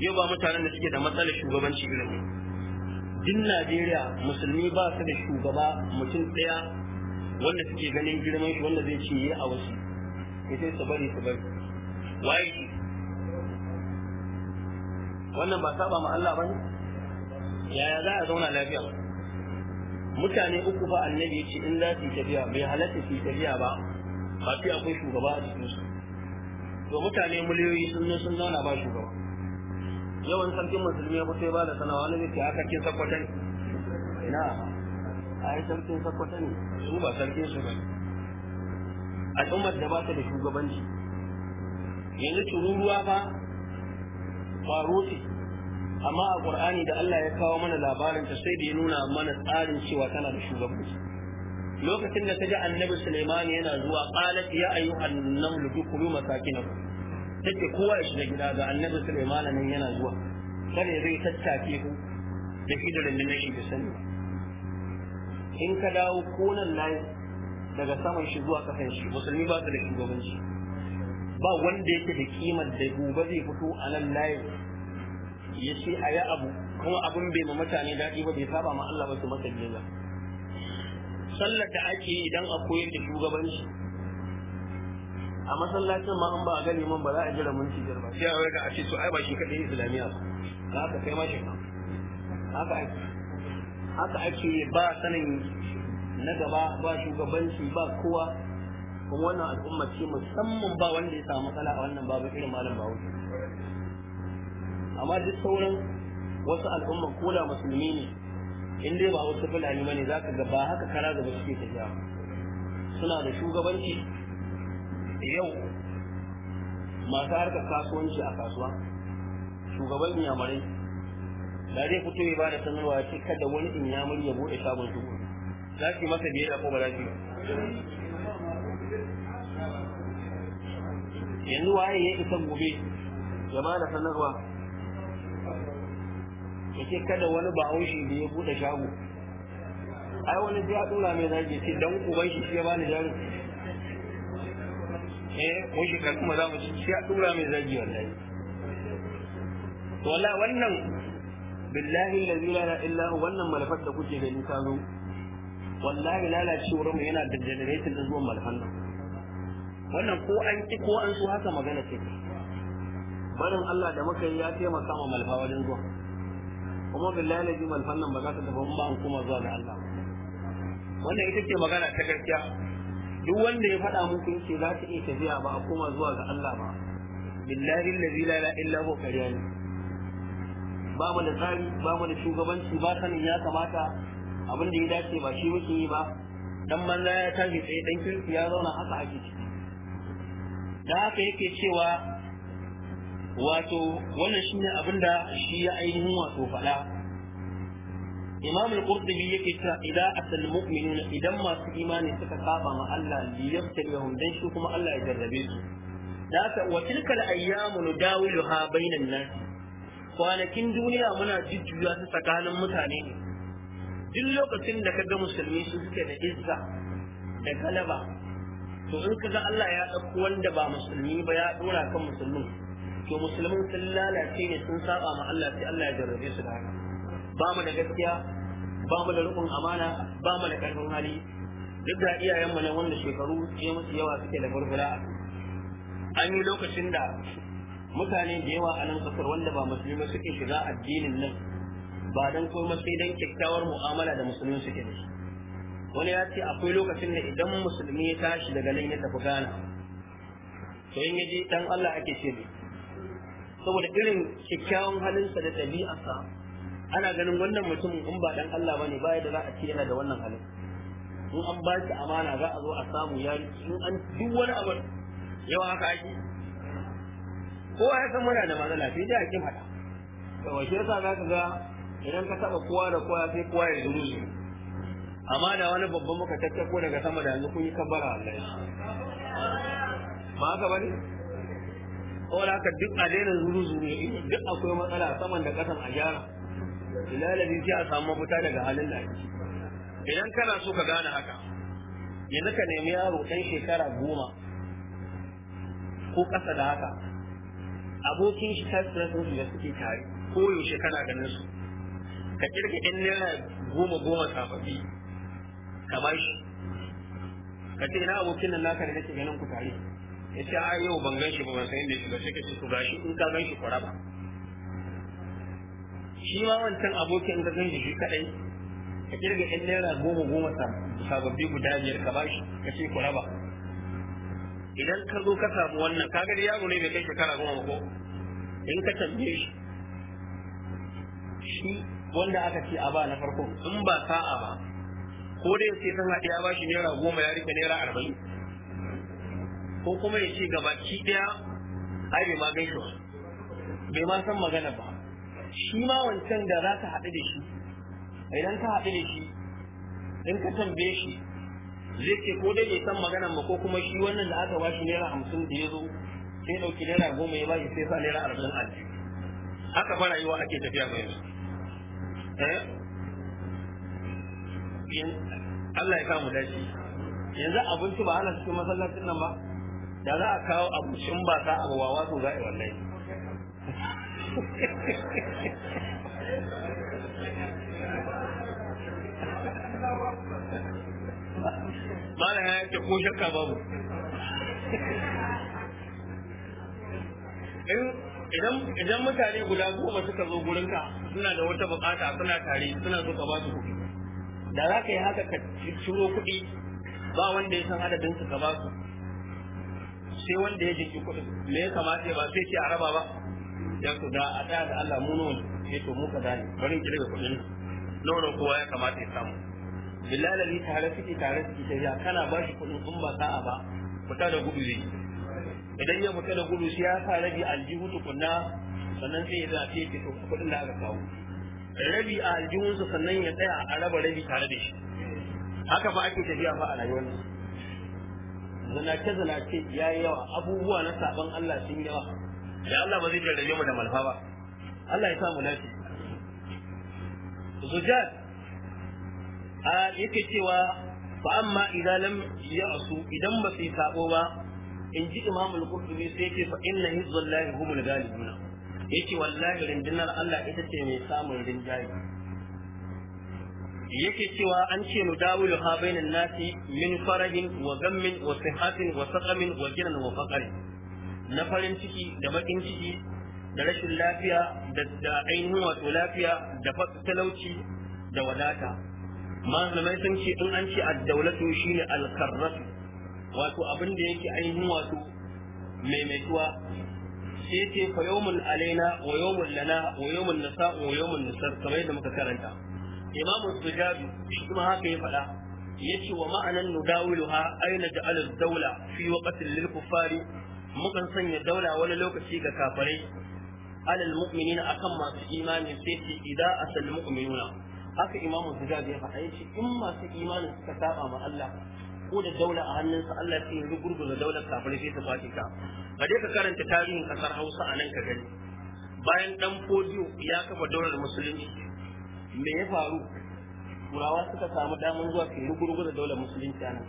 yau ba mutanen da suke da matsalar shugabanci irin din Najeriya musulmi ba su da shugaba mutum daya wanda suke ganin girman shi wanda zai ciye a wasu ita su bari su bari waye shi wannan ba saba ma Allah bane yaya za a zauna lafiya mutane uku ba annabi ya ce in za su yi tafiya bai halatta su yi tafiya ba ba sai akwai shugaba a cikinsu to mutane miliyoyi sun sun zauna ba shugaba yawan sarkin musulmi ya fito ba da sanawa ne zai aka kin sakwata ne na a yi sarkin sakwata ne su ba sarkin su ba A tsumar da ba ta da shugabanci yanzu tururuwa ba ƙwaro ce amma a ƙur'ani da Allah ya kawo mana labarin ta sai da ya nuna mana tsarin cewa tana da shugabanci lokacin da ta ji annabi Suleimani yana zuwa qalat ya ayyuhan namlu dukulu masakinakum take kowa ya shiga gida ga annabi Sulaiman nan yana zuwa kare zai tattake ku da idan da rundunar da sani in ka dawo konan nan daga saman shi zuwa kasan shi musulmi ba su da shugabanci ba wanda yake da kimar da gobe zai fito a nan layi ya ce a yi abu kuma abin bai ma mutane daɗi ba bai saba ma Allah ba su masa sallar da ake idan akwai da shugabanci a masallacin ma an ba a gani man ba za a jira mun ci ba sai a wai a ce to ai ba shi kaɗai islamiya ba haka kai ma shi haka ake haka ake ba sanin na gaba ba shugabanci ba kowa kuma wannan al'umma ce musamman ba wanda ya samu matsala a wannan babu irin malam ba wuce amma duk sauran wasu al'umma ko da musulmi ne in dai ba wasu fulani ne za ga ba haka kara gaba suke tafiya suna da shugabanci yau masu harkar kasuwanci a kasuwa shugaban inyamurai da zai fito ya bada sanarwa ya ce kada wani inyamuri ya bude sabon shugo za ki masa biyar ko ba za ki yanzu waye ya isa gobe ya bada sanarwa ya ce kada wani bahaushe da ya bude shago ai wani ya dora mai zagi ce dan uban shi ya bani jarin. eh mun shiga kuma za mu ci sai a dura mai zagi wallahi wala wannan billahi allazi la ilaha illa hu wannan malafar da kuke gani ta zo wallahi lalacewar mu yana da generation da zuwan malafan nan wannan ko an ki ko an so haka magana ce barin Allah da muka yi ya taimaka ma malfa wajen zuwa kuma billahi allazi malfan nan ba za ta tafi ba an kuma zuwa da Allah wannan ita ce magana ta gaskiya duk wanda ya faɗa muku yace za ta iya tafiya ba a koma zuwa ga Allah ba billahi allazi la ilaha illa huwa qariyan ba mu da tsari ba mu da shugabanci ba sanin ya kamata abin da ya dace ba shi muke yi ba dan manza ya tashi tsaye dan kirki ya zauna haka a ciki da haka yake cewa wato wannan shine abin da shi ya ainihin wato faɗa imamul al-qurtubi yake cewa idza asal mu'minuna idan masu imani suka saba ma Allah liyabtalihum dan shi kuma Allah ya jarrabe su da haka wa tilka al-ayyamu nudawiluha bainan nas kwanakin duniya muna jujjuya su tsakanin mutane ne duk lokacin da kaga musulmi su suke da iska, da galaba to in kaga Allah ya ɗauko wanda ba musulmi ba ya ɗora kan musulmin to musulmin sun lalace ne sun saba ma sai Allah ya jarrabe su da haka ba mu da gaskiya ba mu da rukun amana ba mu da karfin hali duk da iyayenmu na wanda shekaru ya musu yawa suke da gurgura an yi lokacin da mutane da yawa a nan kasar wanda ba musulmi suke shiga addinin nan ba don kuma sai don kyakkyawar mu'amala da musulmi suke da shi wani ya ce akwai lokacin da idan musulmi ya tashi daga nan ya tafi gana to in yaji dan Allah ake ce ne saboda irin kyakkyawan halinsa da ɗabi'arsa ana ganin wannan mutumin in ba dan Allah bane ba da za a ce yana da wannan halin in an ba shi amana za a zo a samu ya in an duk wani abu yawa haka ake kowa ya san muna da matsala sai dai a kin hada to wace yasa za ka ga idan ka taba kowa da kowa sai kowa ya zuru su amma da wani babban muka tattako daga sama da yanzu kun yi kabbara ya ba haka bane ko da ka duk a daina zuru zuru duk akwai matsala saman da kasan a gyara ina da sai a samu mafuta daga halin da idan kana so ka gane haka yanzu ka nemi yaro ɗan shekara goma ko ƙasa da haka abokin shi ta tsira su da suke tare ko yaushe kana ganin su ka kirga ɗan naira goma goma safafi ka ba shi ka ce ina abokin nan naka da nake ganin ku tare ya ce a yau ban gan shi ba ban san inda shi ba sai ka ce to gashi in ka gan shi kwara ba shi ma wancan abokin ka zan shi kadai ka kirga yan naira goma goma sababbi guda biyar ka bashi ka ce ku raba idan ka zo ka samu wannan ka gari yaro ne bai kai shekara goma ko in ka tambaye shi shi wanda aka ce a ba na farko in ba sa'a ba ko dai sai kan haɗe ya shi naira goma ya rike naira arba'in ko kuma ya ce gabaki ɗaya ai bai ma gaishe bai ma san magana ba shi ma wancan da za ka haɗu da shi idan ka haɗu da shi in ka tambaye shi zai ce ko dai bai san maganar ba ko kuma shi wannan da aka bashi naira hamsin da ya zo sai ɗauki naira goma ya bashi sai sa naira arba'in a jiki haka yi wa ake tafiya ba yanzu eh? Allah ya sa mu dace yanzu abinci ba ana cikin masallacin nan ba da za a kawo abincin ba ka abuwa wato yi wallahi mana ya ce ko shakka babu idan mutane guda goma suka zo gurinka suna da wata bukata suna tare suna zo ka ba su kuɗi da za ka yi haka ka ciro kuɗi ba wanda ya san adadin su ka ba su sai wanda ya jinki kuɗin me ya kamata ya ba sai ce a raba ba ya ku da a da Allah mu nawa ne to mu kaza ne bari in daga kuɗin nono kowa ya kamata ya samu billahi tare suke tare suke tafiya kana ba shi kuɗin kun ba sa'a ba fita da gudu zai idan ya fita da gudu sai ya sa rabi aljihu tukunna sannan sai ya zafi ya to kuɗin da aka kawo rabi a aljihunsa sannan ya tsaya a raba rabi tare da shi haka fa ake tafiya fa a rayuwar zanace zanace ya yi yawa abubuwa na saban Allah sun yawa da Allah ba zai jarrabe mu da malfa ba Allah ya sa mu lafi zujad a yake cewa fa amma idan lam ya'su idan ba su sabo ba in ji Imam al-Qurtubi sai yake fa inna hizballahi humul ghalibuna yake wallahi rindinar Allah ita ce mai samun rinjaye yake cewa an ce mu da ha bainan nasi min farahin wa gammin wa sihatin wa saqamin wa jinan wa faqarin na farin ciki da bakin ciki da rashin lafiya da ainihin wato lafiya da talauci da wadata malamai sun ce in an ce addaulatu shine alkarratu wato abin da yake ainihin wato maimaituwa sai ce fa yawmun alaina wa yawmun lana wa yawmun nasa wa yawmun nasar kamar yadda muka karanta imamu sujabi shi kuma haka ya faɗa yace wa ma'anan nudawiluha aina ja'ala ad-dawla fi waqtin lil kuffari mukan sanya daula wani lokaci ga kafare alal mu'minina akan masu imani sai ce idza asal mu'minuna haka imamu sujad ya faɗa yace in masu imani suka saba ma Allah ko da daula a hannunsa Allah sai ya rugurguza daular kafare sai ta kwace ka ga dai ka karanta tarihin kasar Hausa a nan ka gani bayan dan fodiyo ya kafa daular musulunci me ya faru turawa suka samu damar zuwa su rugurguza daular musulunci a nan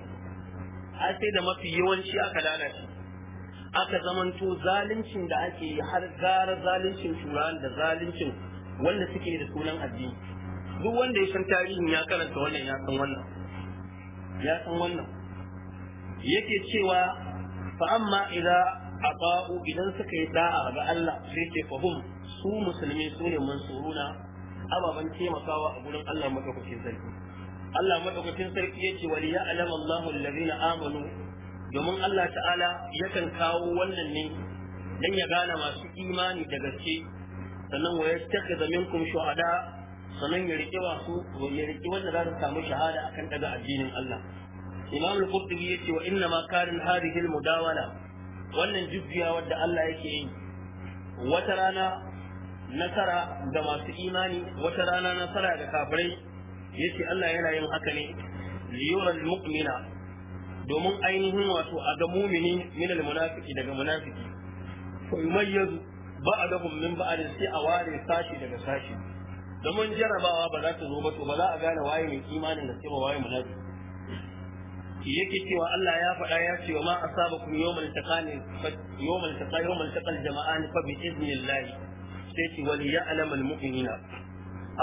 sai da mafi yawanci aka lalace aka zamanto zaluncin da ake yi har gara zaluncin turan da zaluncin wanda suke da sunan addini duk wanda ya san tarihin ya karanta wannan ya san wannan ya san wannan yake cewa fa amma idza aba'u idan suka yi da'a ga Allah sai ke fahum su musulmi su ne mansuruna ababan taimakawa a gurin Allah madaukakin sarki Allah madaukakin sarki yace waliya alama Allahu allazina amanu domin Allah ta'ala yakan kawo wannan ne dan ya gane masu imani da gaske sannan wa yattakhidha minkum shuhada sannan ya rike wasu ya rike wanda za su samu shahada akan daga addinin Allah Imam al-Qurtubi yace wa inna ma karin hadhihi al-mudawala wannan jujjuya wadda Allah yake yi wata rana nasara ga masu imani wata rana nasara ga kafirai yace Allah yana yin haka ne liyura al-mu'mina domin ainihin wato a ga mumini min almunafiki daga munafiki fa yumayyazu ba'dahum min ba'd sai a ware sashi daga sashi domin jarabawa ba za ta zo ba to ba za a gane waye mai imanin da sai waye munafiki yake cewa Allah ya faɗa ya ce wa ma asabakum yawmal taqani yawmal taqani yawmal taqal jama'an fa bi idnillah sai ce wal ya'lamal mu'minina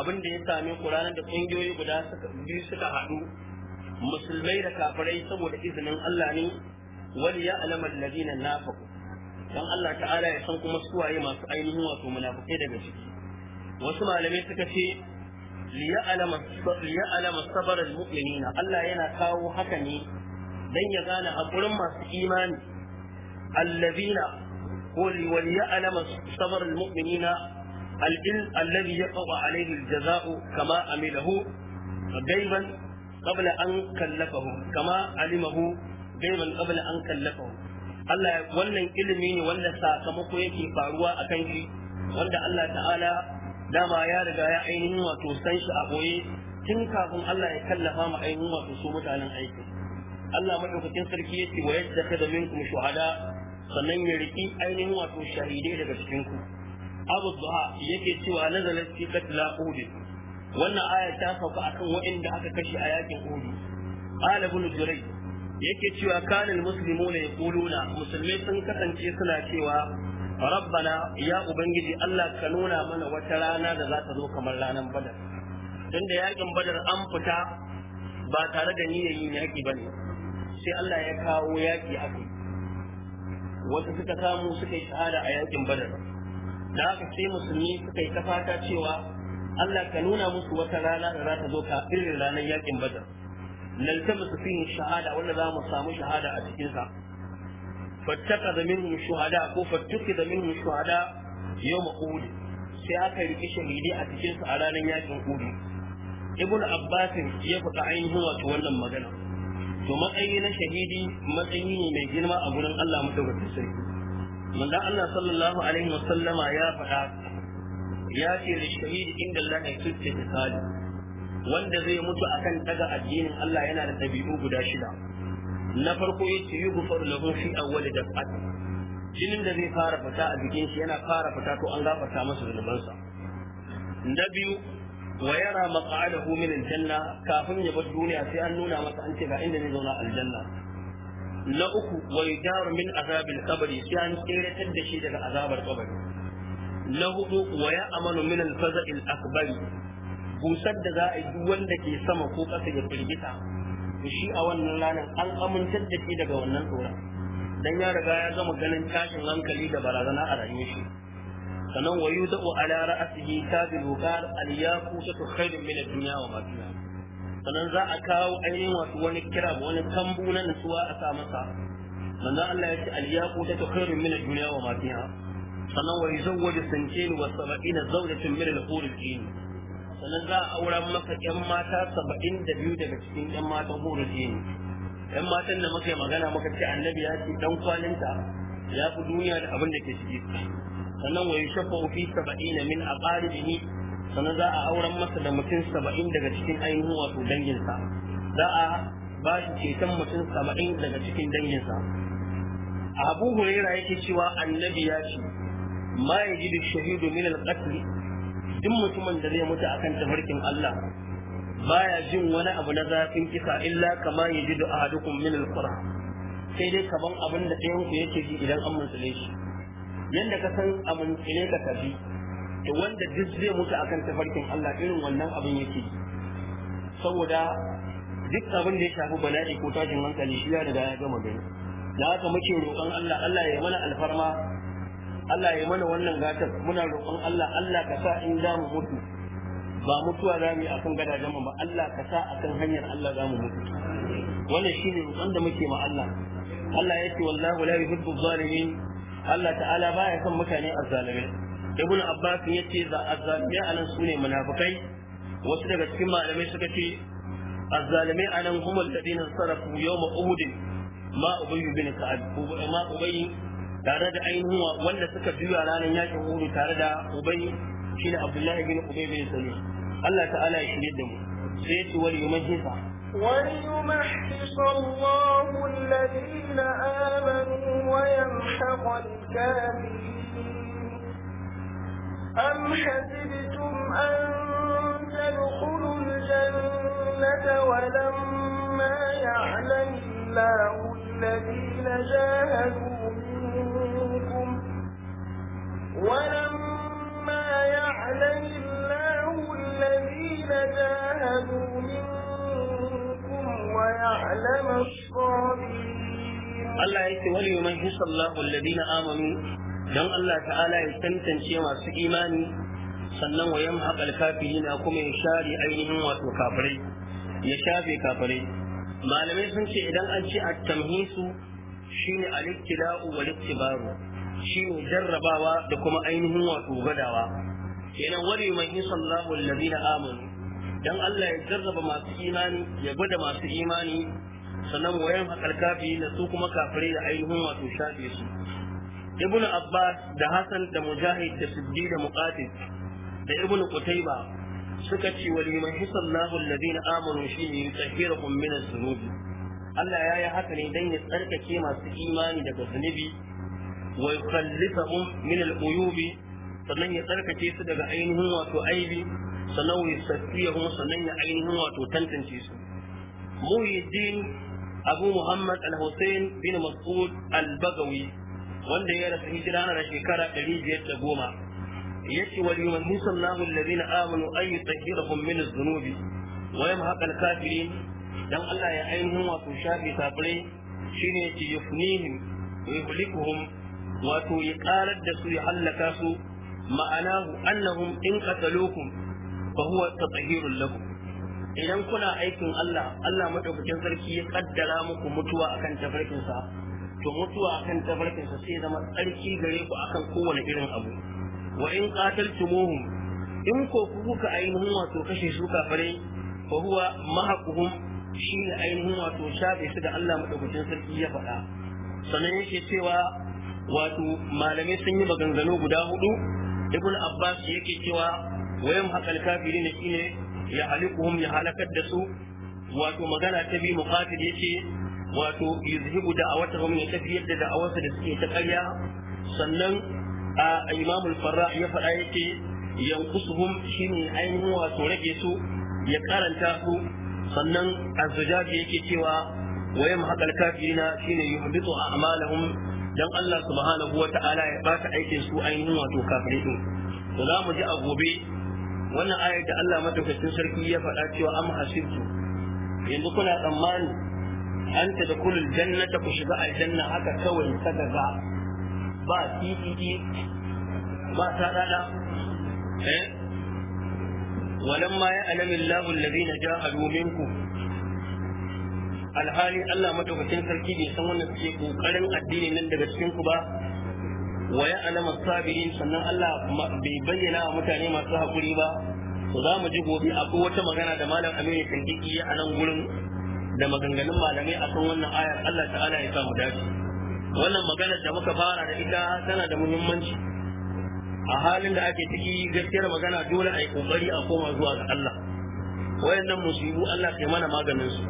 abin da ya sami ku ranar da kungiyoyi guda biyu suka haɗu musulmai da kafirai saboda izinin Allah ne wani wal ya'lamu alladhina nafaqu Don Allah ta'ala ya san kuma suwaye masu ainihin wato munafikai daga ciki wasu malamai suka ce liya liya'lama sabarar almu'minina Allah yana kawo haka ne don ya gane hakurin masu imani allazina ko liya wal ya'lama sabar almu'minina الذي يقع عليه الجزاء كما عمله غيبا qabla an kallafahu kama alimahu gaiban qabla an kallafahu Allah wannan ilimi ne wanda sakamako yake faruwa akan shi wanda Allah ta'ala dama ya riga ya ainihin wato san a boye tun kafin Allah ya kallafa mu ainihin wato su mutanen aiki Allah madaukakin sarki yace wa kaza minkum shuhada sannan ya riki ainihin wato shahidai daga cikin ku Abu Duha yake cewa nazalat fi qatla wannan aya ta sauka akan waɗanda aka kashe a yakin Uhud qala ibn Juray yake cewa kana almuslimuna yaquluna musulmai sun kasance suna cewa rabbana ya ubangiji Allah ka nuna mana wata rana da za ta zo kamar ranar badar tunda yakin badar an fita ba tare da niyyar yin yaki bane sai Allah ya kawo yaki aka wasu suka samu suka yi shahada a yakin badar da haka sai musulmi suka yi ta fata cewa Allah ka nuna musu wata rana da za ta zo ka irin ranar yakin badar naltamisu fihi shahada wanda za mu samu shahada a cikin sa fattakaza minhum shuhada ko fattukiza minhum shuhada yau uhud sai aka rike shahidi a cikinsa a ranar yakin uhud ibn Abbasin ya faɗa ainihin wato wannan magana to matsayi na shahidi matsayi ne mai girma a gurin Allah madaukakin sarki manzon Allah sallallahu alaihi wasallama ya faɗa ya ce da shahid inda Allah ya fitta misali wanda zai mutu akan daga addinin Allah yana da dabi'u guda shida na farko yace yughfar lahu fi awwal daf'at jinin da zai fara fita a jikin shi yana fara fita to an gafarta masa zunubansa na biyu wa yara maq'adahu min aljanna kafin ya bar duniya sai an nuna masa an ce ga inda zai zauna aljanna na uku wa yudaru min azabil qabri sai an tseratar da shi daga azabar qabri na hudu wa ya amanu min al-faza'il akbari busar da za a yi wanda ke sama ko kasa ya firgita to shi a wannan ranar an amintar da shi daga wannan tsoron dan ya riga ya gama ganin tashin hankali da barazana a rayuwar shi sannan wayu wa yudau ala ra'sihi tabilu qal al yaqutatu khairun min ad-dunya wa ma fiha sannan za a kawo ainihin wasu wani kira wani tambu na nutsuwa a sa masa manzo Allah ya ce al yaqutatu khairun min ad-dunya wa ma fiha sannan wa yuzawwaju santain wa sab'ina zawjatin min al al-jin sannan za a auren maka yan mata saba'in da biyu daga cikin yan mata al-jin yan matan da muka yi magana muka ce annabi ya ce dan kwalinta ya fi duniya da abin da ke ciki sannan wa yushaffa fi 70 min aqaribihi sannan za a auren masa da mutum saba'in daga cikin ainihin wato danginsa za a ba shi ceton mutum 70 daga cikin danginsa abu huraira yake cewa annabi ya ce ma yajidu shahidu min al-qatl duk mutumin da zai mutu akan tafarkin Allah baya jin wani abu na zafin kisa illa kama yajidu ahadukum min al-qura sai dai kaman abin da ɗayan ku yake ji idan an mutsule shi Yadda ka san amincile ka tafi to wanda duk zai mutu akan tafarkin Allah irin wannan abin yake ji saboda duk abin da ya shafi bala'i ko tashin hankali shi ya riga ya gama gani da haka muke roƙon Allah Allah ya mana alfarma Allah ya mana wannan gatar muna roƙon Allah Allah ka sa in za mu mutu ba mutuwa za mu yi akan gadajen mu ba Allah ka sa akan hanyar Allah za mu mutu wannan shine roƙon da muke ma Allah Allah yake wallahu la yuhibbu zalimin Allah ta'ala baya son mutane azzalimai ibnu abbas yace za azzalimai anan sune munafikai wasu daga cikin malamai suka ce azzalimai anan humul ladina sarafu yawma uhud ma ubayy bin ka'ab ma ubayy tare da ainihin wanda suka juya ranar yakin hudu tare da ubai shine abdullahi bin ubai bin salim Allah ta'ala ya shirye da mu sai ce wal yumahhisa wal yumahhisa Allahu alladhina amanu wa yamhaqa al-kafirin أم حسبتم أن تدخلوا الجنة ولما يعلم الله الذين جاهدوا ولما يعلم الله الذين جاهدوا منكم ويعلم الصابرين الله يكي وليميز الله الذين آمنوا don Allah ta'ala ya tantance masu imani sannan wa yamhaq al-kafirina kuma ya share ainihin wato kafirai ya shafe kafirai malamai sun ce idan an ce at-tamhisu shine al-ibtila'u wal-ittibaru Shi ne jarrabawa da kuma ainihin wato gadawa kenan wali man yusallahu alladhina amanu dan Allah ya jarraba masu imani ya gwada masu imani sannan wayan hakalkafi da su kuma kafirai da ainihin wato shafe su ibn abbas da hasan da mujahid da siddi da muqatil da ibn qutayba suka ce wa liman hisallahu alladhina amanu shi ne yutahhirukum min az-dhunub Allah ya yi haka ne dan ya tsarkake masu imani daga zunubi wa yukhallifahum min uyubi sannan ya tsarkake su daga ainihin wato aibi sannan wa kuma sannan ya ainihin wato tantance su muhyiddin abu muhammad al bin mas'ud al-bagawi wanda ya rasu hijira na shekara 510 yace wal yumannisu Allahu alladhina amanu ay yutahhirahum min adh-dhunubi wa yamhaq al-kafirin dan Allah ya ainihin wato shafi kafirai shine yace yufnihim wa yuhlikuhum wato ya karar da su ya hallaka su ma'anahu annahum in qatalukum fa huwa tatahirul lahum idan kuna aikin Allah Allah madaukakin sarki ya kaddara muku mutuwa akan tafarkin sa to mutuwa akan tafarkin sa sai zama tsarki gare ku akan kowane irin abu wa in qataltumuhum in ko kuka ainihin wato kashe su kafare fa huwa shi ne ainihin wato shafe su da Allah madaukakin sarki ya faɗa sannan yake cewa wato malamai sun yi maganganu guda hudu ibn abbas yake cewa wayan haƙal kafiri ne shine ya halikuhum ya halakar da su wato magana ta bi muqatil yace wato yuzhibu da'awatahum ya tafiyar da da'awarsa da suke ta ƙarya sannan a imamul farra ya faɗa yace yankusuhum shine ainihin wato rage su ya karanta su sannan az yake cewa wayan haƙal kafirina shine yuhbitu a'malahum dan Allah subhanahu wata'ala ya bata aikin su ainihin wato kafirai din to za mu ji a gobe wannan ayar da Allah madaukakin sarki ya faɗa cewa am hasibtu yanzu kuna tsammani an ta dakulu jannata ku shiga aljanna haka kawai sadaga ba titi ba ta dada eh walamma ya alamin alladhina ja'alu minkum alhali Allah madaukakin sarki bai san wannan suke kokarin addini nan daga cikin ku ba wa ya alama sabirin sannan Allah bai bayyana wa mutane masu hakuri ba to za mu ji gobe akwai wata magana da malam Aminu Sindiki a nan gurin da maganganun malamai akan wannan ayar Allah ta'ala ya mu dace wannan maganar da muka fara da ita tana da muhimmanci a halin da ake ciki gaskiyar magana dole a yi kokari a koma zuwa ga Allah wayannan musibu Allah ya mana maganin su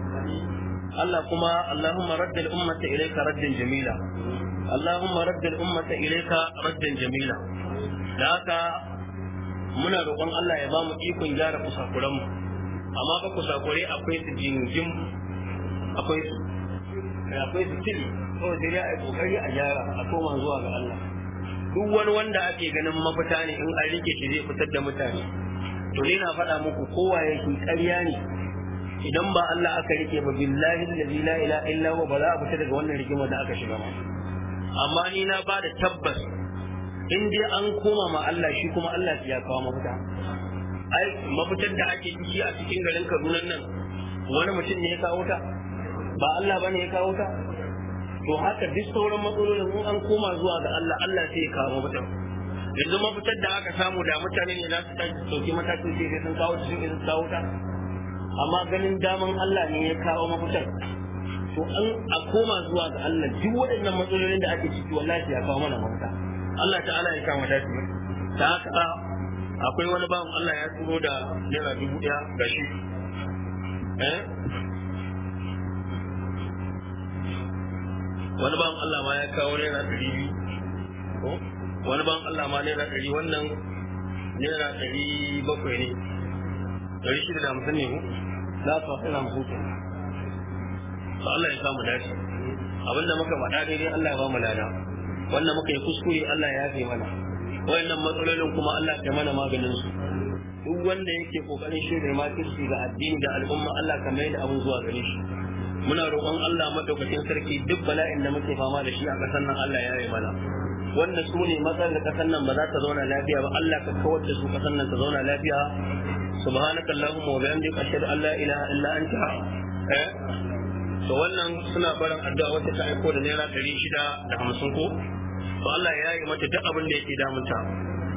Allah kuma Allahumma raddal ummata ilayka raddan jamila Allahumma raddal ummata ilayka raddan jamila da haka muna roƙon Allah ya bamu ikon gyara kusakuran amma ba kusakure akwai su jingim akwai su eh, akwai su tili ko da kokari a gyara a zuwa ga Allah duk wani wanda ake ganin mafita ne in an rike shi zai fitar da mutane to ni na faɗa muku kowa yake ƙarya ne idan ba Allah aka rike ba billahi allazi la ilaha illa huwa ba za a fita daga wannan rigima da aka shiga ba amma ni na ba da tabbas in dai an koma ma Allah shi kuma Allah ya kawo mafita ai mafitar da ake ciki a cikin garin Kaduna nan wani mutum ne ya kawo ta ba Allah bane ya kawo ta to haka duk sauran matsalolin in an koma zuwa ga Allah Allah sai ya kawo mafita yanzu mafitar da aka samu da mutane ne za su tashi matakin sai sun kawo ta sun kawo ta amma ganin daman Allah ne ya kawo mafitar to an a koma zuwa ga Allah duk waɗannan matsalolin da ake ciki wallahi ya kawo mana mafita Allah ta'ala ya kama dace ta haka akwai wani bawan Allah ya turo da naira dubu ɗaya ga shi eh? wani bawan Allah ma ya kawo naira ɗari biyu wani bawan Allah ma naira ɗari wannan naira ɗari bakwai ne ɗari shida da hamsin ne mu za ka ina mu hutu to Allah ya samu dace abinda muka faɗa daidai Allah ya ba mu lada wannan muka yi kuskure Allah ya yafe mana wayannan matsalolin kuma Allah ya mana maganin su duk wanda yake kokarin shirya makirci ga addini da al'umma Allah ka mai da abin zuwa gare shi muna roƙon Allah madaukakin sarki duk bala'in da muke fama da shi a ƙasar nan Allah ya yi mana Wannan su ne matsalar ƙasar nan ba za ta zauna lafiya ba Allah ka kawar da su ƙasar nan ta zauna lafiya subhanaka allahumma wa bihamdika ashhadu an la ilaha illa anta eh to wannan suna barin addu'a wacce ta aiko da naira ɗari shida da hamsin ko to Allah ya yi mata duk abin da yake damunta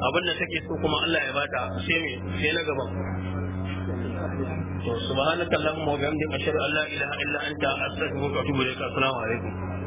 abin da take so kuma Allah ya bata sai me sai na gaba to subhanaka allahumma wa bihamdika ashhadu an la ilaha illa anta astaghfiruka wa atubu ilaik assalamu alaikum